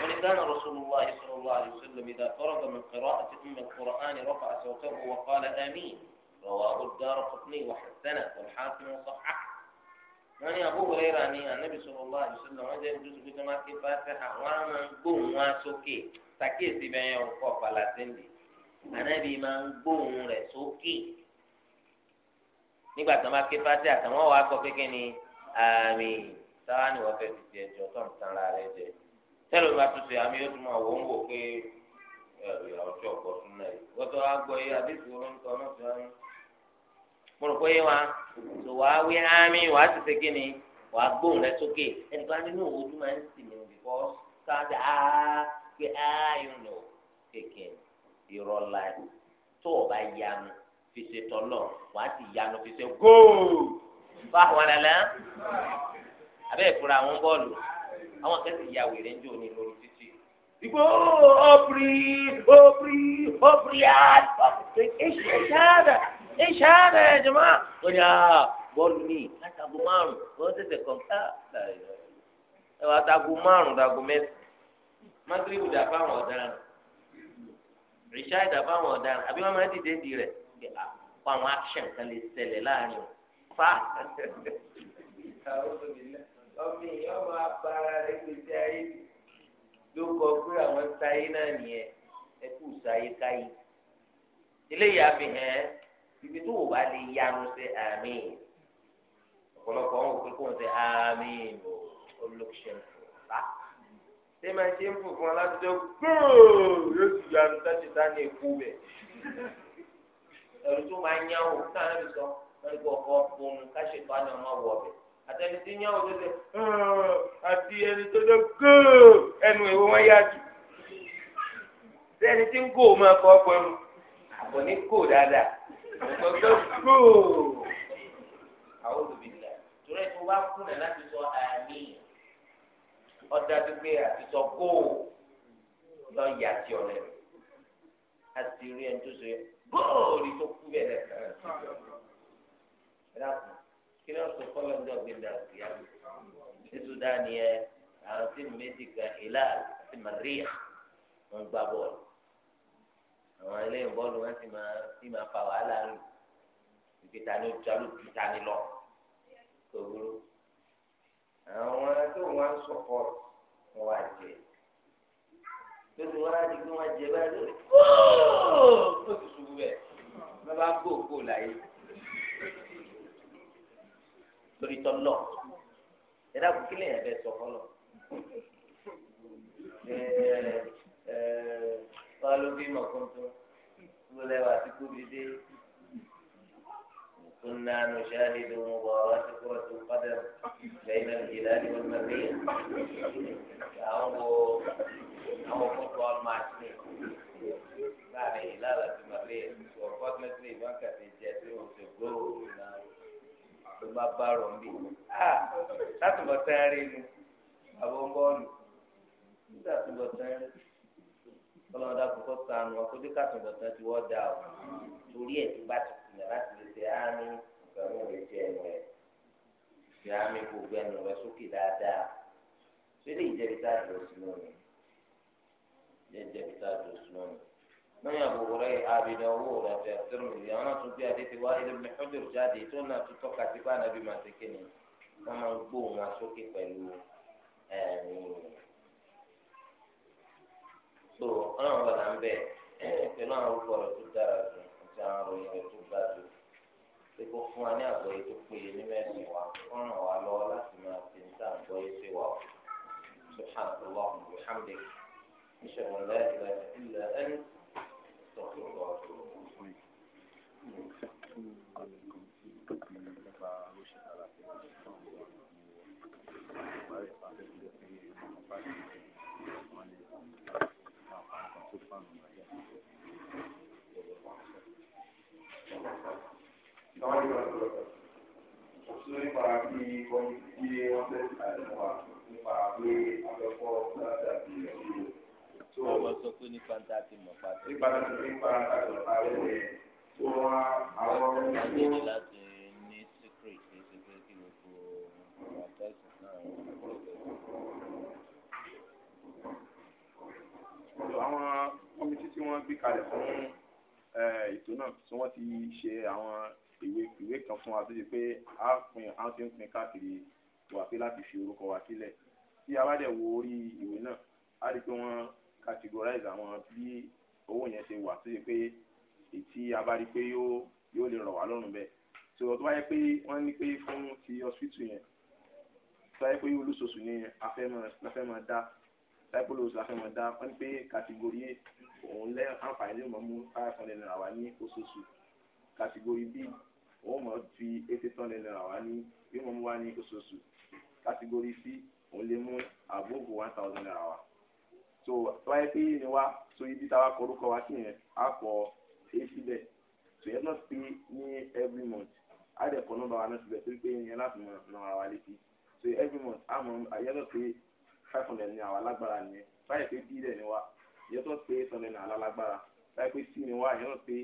wọ́n ní gánà Rasulullah sallallahu alaihi wasallam idha faraga min qira'ati ummil Qur'an rafa'a sawtahu wa qala amin rawahu ad-Daraqutni wa hasanahu wọn ní Abu Hurairah ní anabi sallallahu alaihi wasallam wọn jẹ ojú tuntun tó máa ké Fatiha wọn á máa ń gbóhùn wá sókè sàkíyèsí bẹ́ẹ̀ yẹn kọ́ falasẹ́ndì anabi máa ń gbóhùn rẹ̀ sókè nígbà tó máa ké Fatiha àtàwọn wàá kọ kékeré ní àmín táwa ni wọ́n fẹ́ fi ti ẹjọ́ tó ń tan ara rẹ̀ jẹ tẹ́lẹ̀ bá tún ṣe àmì yóò tún máa wò ń wò pé ẹ̀rọ ìyàwó tí ọ̀pọ̀ tún náà yìí wọ́n tó wá gbọ́ yé àdéhùn mo rò pé yé wa tó wàá wí ámì wàá ti ṣe kíni wàá gbóhùn rẹ sókè ẹnì kan nínú ojú máa ń sì mí bìkọ́ káàdì áá pé áá yóò lò kéèké irọ́ láì tó o bá yanu fi ṣe tọ́lọ̀ wàá ti yanu fi ṣe góòlù bá wà lálẹ́ abẹ́ ìfura àwọn bọ́ọ̀lù àwọn akẹ́sì ya wèrè ń jò ní lórí títì ìgbò ọ̀pìrì ọ̀pìrì ọ̀pìrì àti ọ̀pìrì èṣù ìṣá rẹ̀ jọ̀mọ́ ó ní ah, bọ́ọ̀lù ní látago márùn wọ́n tẹ̀sẹ̀ kọ̀ǹtà ẹ̀ ah, wá tago márùn tago mẹ́sàn mágírìbù dà fáwọn ọ̀daràn ìṣá ìdà fáwọn ọ̀daràn àbí wọ́n máa dìde di rẹ̀ ah, kó àwọn action kan lè ṣẹlẹ̀ láàrin o fa ọmọ ayé ló kọ pé àwọn sáyé náà nìyẹn ẹ kú sáyé káyé eléyìí àfihàn ẹ. ibi tó o bá lè yanu ṣe àmín ọ̀pọ̀lọpọ̀ wọn ò pé kóun ṣe àmín o olùkṣẹ́ ńlá ṣé máa ṣe ń fún fún aládùúgbò gbòòrò yóò sì yanu sáṣẹ dání èkó bẹ̀ ẹ̀rù tó máa ń yáwó káwọn ẹ̀rù sọ wọn kò kọ́ fún un káṣe kọ́ àná ọmọ wọ̀ bẹ̀ àtẹni tí yáwó tó ṣe àti ẹni tó ṣe gbòòrò ẹnu ìwé wọn yá jù sẹ́ni tí ń kó o máa kọ́ fún un àbọ̀ ní kó dáadáa ọ̀gbọ́n kú. àwọn olùbílẹ̀ torí ẹni wá kúnlẹ̀ láti sọ àmì ọ̀dájú pé àtisọ góò lọ yà sí ọ̀rẹ́ àti rí ẹni tó sọ yẹ góòlì tó kú bẹ́ẹ̀ lẹ́ẹ̀kan kí ló ń sọ fọlọ́ ń dọ̀gbìn dàgbì yàgò ní Sudan yẹ àwọn tí méjì kan Hilal àti Maria wọn gbá bọ́ọ̀lù àwọn eléyìí bọ́ọ̀lù wọn sì máa sì máa fa wàhálà rù ìgbéta ní ojú alù bìtá ni lọ tó burú àwọn tó wọn sọpọ wọn wá jẹ tó ti wọn láti gbé wọn jẹ báyìí lórí kóòó tó ti ṣubú bẹ́ẹ̀ wọn bá gbó òkú láyé lórí tọlọ ẹ dákun kílẹ̀ yẹn bẹ sọ fọlọ wọn ló bí mọ̀kún tó ló lẹ́wà tí kò fi dé كنا نشاهد مباراة كرة القدم بين الهلال والمدينة أو أو فوتبول ماتش láàrin ìlànà àti màlẹ́ ẹ̀sùn ọ̀fọ́tmẹ́tìlì wọn kà ti jẹ tí wọn ti gbó òòlà tó bá bá rọ̀ ń bì. látùbọ̀ tán rí àbọ̀ ń bọ́ọ̀lù látùbọ̀ tán kọ́nà ọ̀dà kókó sànù ọkọ̀jú kàtúndọ̀ tó ti wọ́n dà ọ́ torí ẹ̀ tó bá ti kùnà láti lè ṣe àmì ìgbàmù rẹ̀ jẹ́ ẹ̀mọ́ ẹ̀ ṣe àmì gbogbo ẹnu rẹ̀ sókè dáadáa ṣé lè jẹ́ bíta dùn sínú mi lè jẹ́ bíta dùn sínú mi. lẹ́yìn àbúrò rẹ̀ àbìnà owó rẹ̀ fẹ́ sẹ́rù mi àwọn náà tún bí adé ti wá ilé mẹ́fọ́jọ́ jáde tó náà tún tọ́ka sí bá nàbí màṣẹ́kẹ́ni wọ́n máa ń wọn sókè pẹ̀lú ẹ̀rín so ọlọ́run bàtà ń bẹ̀ pẹ̀lú àwọn orúkọ rẹ̀ tó dára jù àti àwọn òròyìn rẹ̀ tó ga jù pé kó fún wa ní àgbọ́yé tó péye nínú ẹ̀sìn wa kó ràn wá lọ́wọ́ láti máa fi ní sáà àgbọ́yé sí wa o subhanahu wa bihamdi nṣẹ̀wọ̀n lẹ́yìn ilẹ̀ ẹ̀ ń sọ̀tún lọ́wọ́ pé nípa ń ta ti mọ̀ pàtó. nípa ti fi pa àtọ̀tà rẹ̀ tó wá àwọn ọmọ ìlú. àti láti ní secret kì í ṣe pé kí gbogbo àwọn àtẹ̀sìn náà wọ́n kọ́ ọ̀tọ̀. àwọn kọ́mítì tí wọ́n gbé kalẹ̀ fún ètò náà tí wọ́n ti ṣe àwọn ìwé ìwé kan fún wa tó ṣe pé a pin a ti ń pin káàkiri wà pé láti fi orúkọ wa sílẹ̀ tí a bá dẹ̀ wo orí ìwé náà a rí pé wọ́n categorize àwọn bí owó yẹn ṣe wà sí pé ètí abárí pé yóò yóò lè rọ̀ wá lọ́rùn bẹ́ẹ̀ tí wọ́n tó bá yẹ pé wọ́n ní pé fún ti hospital yẹn tó bá yẹ pé olóṣooṣù ni afẹ́ máa dá táìpù olóṣooṣù afẹ́ máa dá wọ́n ní pé category òun lẹ́ àǹfààní ló máa mú five hundred naira wá ní oṣooṣù category b òun máa fi eight hundred naira wá ní yóò máa mú wá ní oṣooṣù category c òun lè mú above one thousand naira wá. so tọ́wáyé pé wa so ibi tá a wá wa sí yẹn á kọ é so yẹn náà pé every month á dẹ̀ kọ nọ́mbà wa náà síbẹ̀ torí pé yẹn láti mọ náà wa létí so every month a mọ yẹn náà pé five hundred ní àwa lágbára nìyẹn tọ́wáyé pé bí wa yẹn tó pé eight hundred ní àlá lágbára tọ́wáyé pé sí wa yẹn náà pé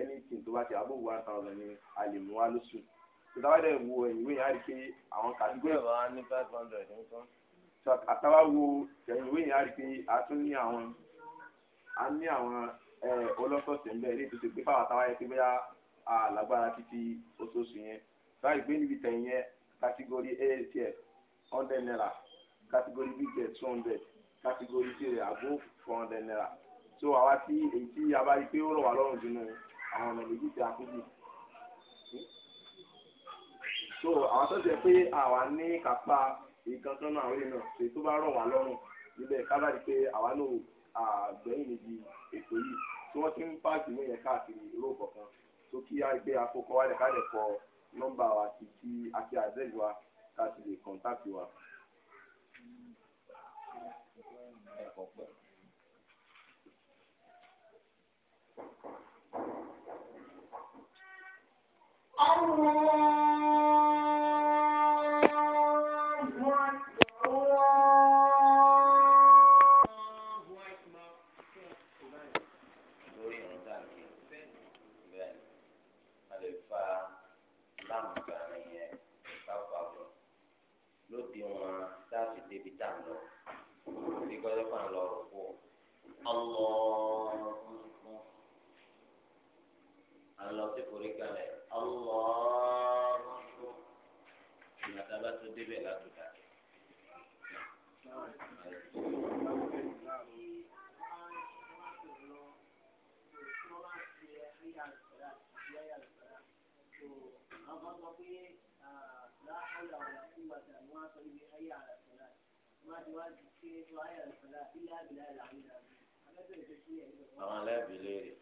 anything tó bá ti one thousand ní a lè mú wa lóṣù dẹ̀ wo ìwé yẹn rí pé àwọn kàdúgbò. àtàwá wo ìwé yẹn á rí pé a tún ní àwọn a ní àwọn ọlọ́sọ̀ọ̀sẹ̀ ń bẹ̀ ní ìtòsí pé fáwọn àtàwá yẹn ti bóyá àlágbára títí oṣooṣù yẹn báyìí gbé níbi tẹ̀yìn yẹn kátígórì altf hundred naira kátígórì btf two hundred kátígórì tèrè àbó four hundred naira so àwa tí èyí tí a bá rí pé ó rọ̀ wá lọ́rùn jùlọ àwọn ọ̀nà méjì tí a kú jù hmm? so àwọn tó pé àwa ní kápá ìkan tán náà àwọn èèyàn náà ṣe tó bá rọ̀ wá lọ́rùn níbẹ̀ kábàdì pé àwa náà àgbẹ̀yìn níbi ètò yìí tí wọ́n ti ń pààkì mú yẹn káàkiri ìró kọ̀ọ̀kan tó kí á gbé akókò wálẹ̀ kọ nọ́mbà wa àti kí àti àdẹ́gbẹ́ wa ká lè kọ̀ǹtàkì wa. gbọ́dọ̀ fún àlọ òkú ọlọ àlọ tí kò rí kalẹ̀ ọlọ ìgbàdá bá tó débẹ̀ látòdà. Thank àwọn aláàbí léèrè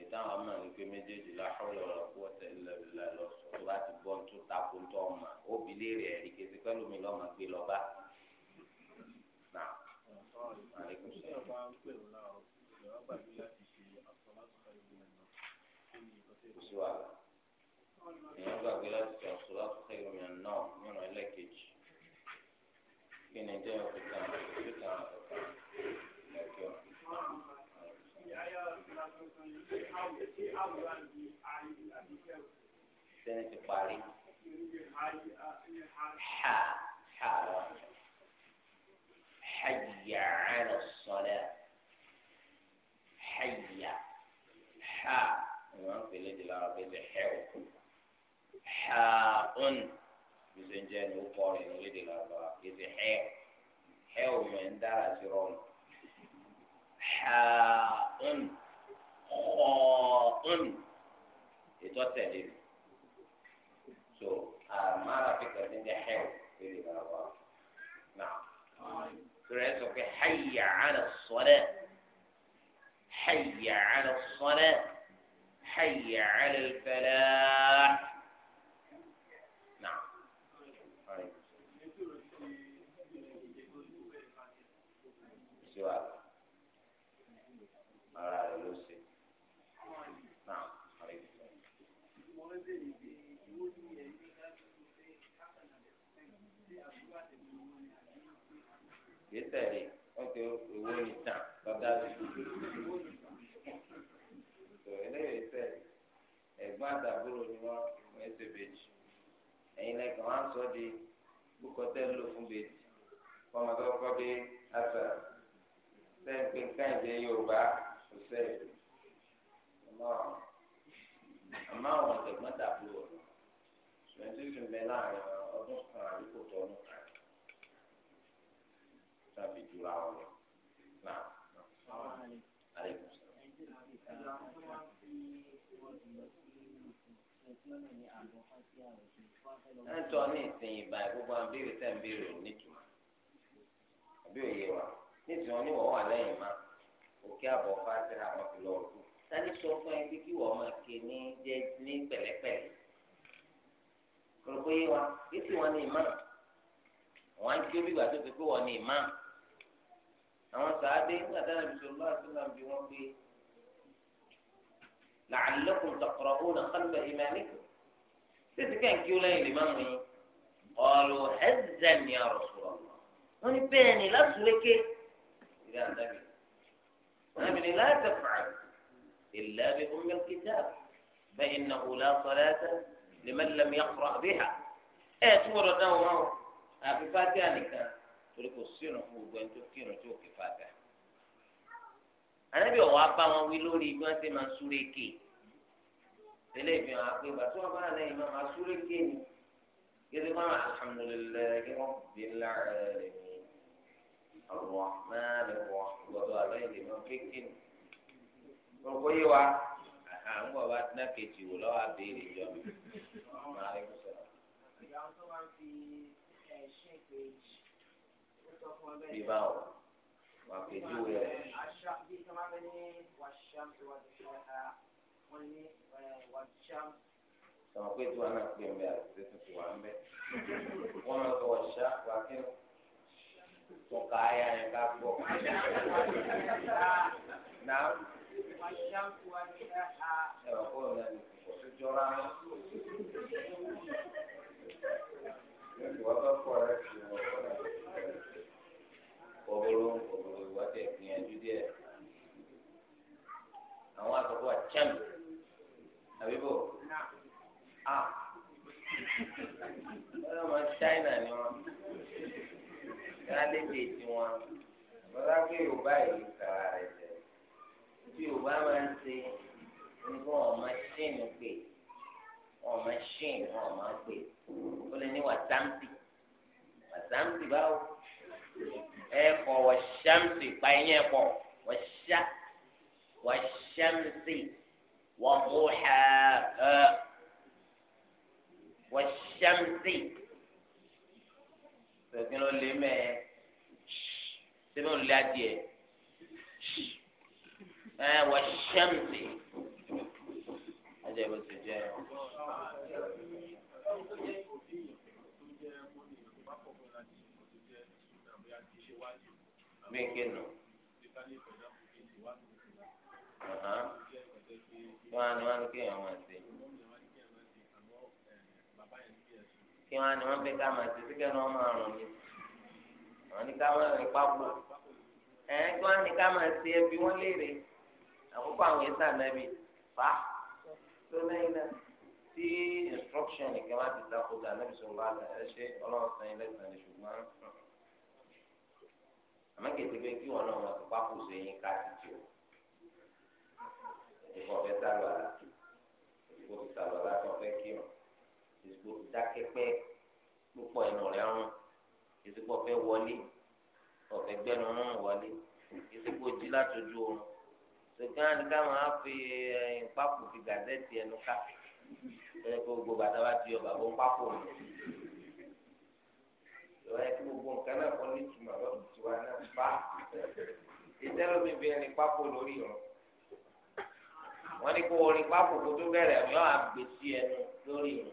ètò àwọn ọmọ ní pé méjèèjì láhùlọ ọkọ ọtẹ ńlẹbìlà lọ sọ tó bá ti gbọ́ tó takò tó ọmọ òbí léèrè ẹ̀rí kejì pẹ̀lú mi lọ́mọ gbé lọ́ba. kò sí wàhálà èèyàn gbàgbé láti sọ àṣọ láti sọ ìròyìn náà nínú ẹlẹ́kejì. kí ni jẹ́ òfin kan òfin kan ẹ̀kọ́. sẹ́ni ti parí. ha ha wa hayya ala sọlẹ hayya ha ìwọ̀n pèlè di la ọ̀bẹ ti hẹ́wọ̀ ha ọ̀nù. ìṣe ń jẹ́ ní ó kọ́ rẹ̀ lédè làbà ìṣe hẹ́ẹ̀ hẹ́ẹ̀ ò mẹ́ ń dára sí rọrùn ṣáàún ọ̀ọ́n ìtọ́ tẹ̀lé mi so àmàlà fìkà sí ń jẹ́ hẹ́ẹ̀ lédè làbà náà tìrẹ̀ sọ pé hayà ala salat hayà ala salat hayà ala al kìí tẹ̀lé wọ́n pe owó ní tàn lọ́dá sí tó eléyìí tẹ̀lé ẹ̀gbọ́n àtàbúrò ni wọ́n wọ́n ṣe bèjì ẹ̀yin lẹ́kàn wọ́n á sọ di bukọ́tẹ́ ló fún bèjì wọ́n máa tọ́kọ́ dé àṣà sẹ́yìn pé káyọ̀dé yorùbá kò sẹ́yìn àmọ́ àwọn ọ̀dẹ̀gbọ́n tàbúrò ṣùgbọ́n tó ti ń bẹ jura wọn lọ. Náà. ní ìsinyìí báyìí gbogbo àwọn béèrè tẹ̀ ń béèrè nítumọ̀. Àbí òye fún ẹ kí wọ́n máa ké ní jẹ́ ní wa, kí wọ́n ní ìmáà? Wọ́n á ń bí ìgbà àwọn sàádé àdáná bisalòlá àtúnà bí wọn pé làálẹ́kùn tọkọrọ òun náà kálíbà ìmánìkù títí kẹ́ńkì ó lẹ́yìn lè má mú yín ọ̀rọ̀ ẹ̀zẹ̀ ni àrọ̀ sọ̀rọ̀ wọn ni bẹ́ẹ̀ ni lásùlẹ́kẹ́ ìdá àdábì wọn ni láti fàáyì ìlà bí omi kìtà bẹ́ẹ̀ iná òòlà sọ̀rọ̀ ẹ̀sẹ̀ lè mẹ́lẹ́mí àkùrọ̀ àbíhà ẹ̀ tún wọ́n dọ̀ dáhùn wọn àfi fàtíà nìkan. torí kò sírun fún gbogbo ẹni tó kírun tí ò kí fàtà ànábì ọ̀wá bá wọn wí lórí bí wọ́n ṣe máa súré ké tẹ́lẹ̀ ìfi hàn pé bàtú wọn bá lẹ́yìn máa máa súré ké ni gẹ́gẹ́ bá alhamdulilayi kí wọ́n bí láàrẹ̀ ọ̀rọ̀ náà lè wọ̀ gbọ́dọ̀ àlọ́yìn lè máa kéèké ni. gbogbo yìí wa àwọn ọmọ bá dín kejì wò lọ́wọ́ àbẹ́rẹ́ jọ mi bí báwo wà pèjúwe rẹ. sọmọ pé tí wọn náà pè ń bẹ àti tó ti wà ń bẹ wọn máa sọ wọṣá wà kí wọn kà á yà yẹn ká gbọ́. náà. ẹ wà kó o náà ní kò tó jọra wọn. kálédè tiwọn lọ́dá pé yorùbá yìí sara rẹ̀ jẹ́ tí yorùbá máa ń ṣe nígbà wọn máa ṣìnì pé wọn máa ṣìnì wọn máa pè ó lè ní wàtámpì wàtámpì báwo ẹ kọ wàṣámpì pa ẹyẹ pọ wàṣá wàṣámpì wàhùhà wàṣámpì tẹ̀sí ló lé mẹ́ẹ̀ ṣé ló lé adìẹ ẹ wọ ṣẹ́ǹtì ajẹ́ bó ti jẹ́ ọ. kéènù wọn ni wọn ni wọn ṣe. kí wọn ni wọn fẹ́ ká máa ti síkẹ náà máa rùn ni wọn ni ká máa rìn pápó ẹ kí wọn ni ká máa ti ẹbí wọn léèrè àkókò àwọn ètò ànábì fa tó lẹ́yìn náà tí instruction nìkan wá ti dákòjá ànábì sọ wà lẹ ẹ ṣe Ọlọ́run sẹ́yìn lẹsàn án ṣùgbọ́n àmọ́ kìí ti pé kí wọn náà wọn ti pápó sẹ́yìn ká ti jù ìfọwọ́fẹ́ sálọ dákẹ́pẹ́ púpọ̀ ẹnu rẹ̀ rún ìsìnkú ọ̀fẹ́ wọlé ọ̀fẹ́ gbẹ́nu rún wọlé ìsìnkú ojú látọjú oorun ṣùgbọ́n ní ká máa fi pápò fi gàdẹ́ẹ̀tì ẹnu ká ẹ gbogbo bàtà bá di ọba bó ń pápò mi ìwà yẹ kí gbogbo nǹkan náà kọ́ ní ìtumọ̀ lọ́dún tiwa náà bá ìtẹ́lómi fi ẹni pápò lórí ọ̀ wọ́n ní kó orin pápò kó tó bẹ̀rẹ̀ ọ̀yọ́ àgbèsí ẹnu lórí ọ̀.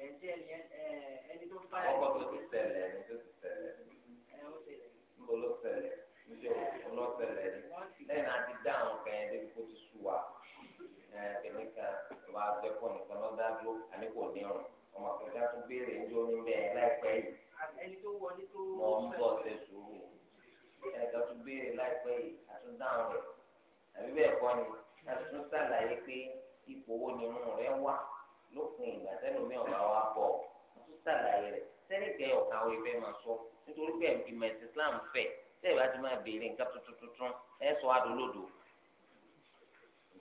ọkọ tó ti ṣẹlẹ̀ ẹni tó ti ṣẹlẹ̀ níbo ló ṣẹlẹ̀ níjọ òkú ló ṣẹlẹ̀ ni lẹ́yìn náà ti dá àwọn kan yẹn débi kó ti sú wa ẹni kan wàá jẹ pọ nìkan lọ dá dúró àní kò ní ọrùn ọmọ akẹ́kọ̀ọ́ tó béèrè ń jó ní bẹ́ẹ̀ láìpẹ́ yìí mọ ń bọ̀ ṣe sùúrù ẹnìkan tó béèrè láìpẹ́ yìí àtúndáhùn rẹ̀ àbí bẹ́ẹ̀ kọ́ ni àtúntò ṣàlàyé pé ipò wo ni irun rẹ̀ wà lópin ìgbà sẹ́nu mi ọ̀gá wa pọ̀ wọ́n tún sàlàyé rẹ̀ sẹ́ni kẹ́ ọ̀ka wo ibẹ̀ máa sọ nítorí pé ìmọ̀ ẹ̀sìn Islam fẹ̀ tẹ́ẹ̀ bá ti máa béèrè nǹkan tuntun tuntun ẹ̀ sọ adolódo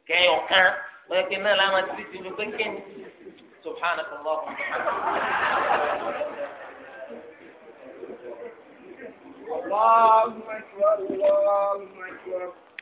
kẹ́ ọ̀kan wọ́n pe náà láwọn ti ti lu kéńkéń subhanahu wa ta'ala. Allahu akbar, Allahu akbar.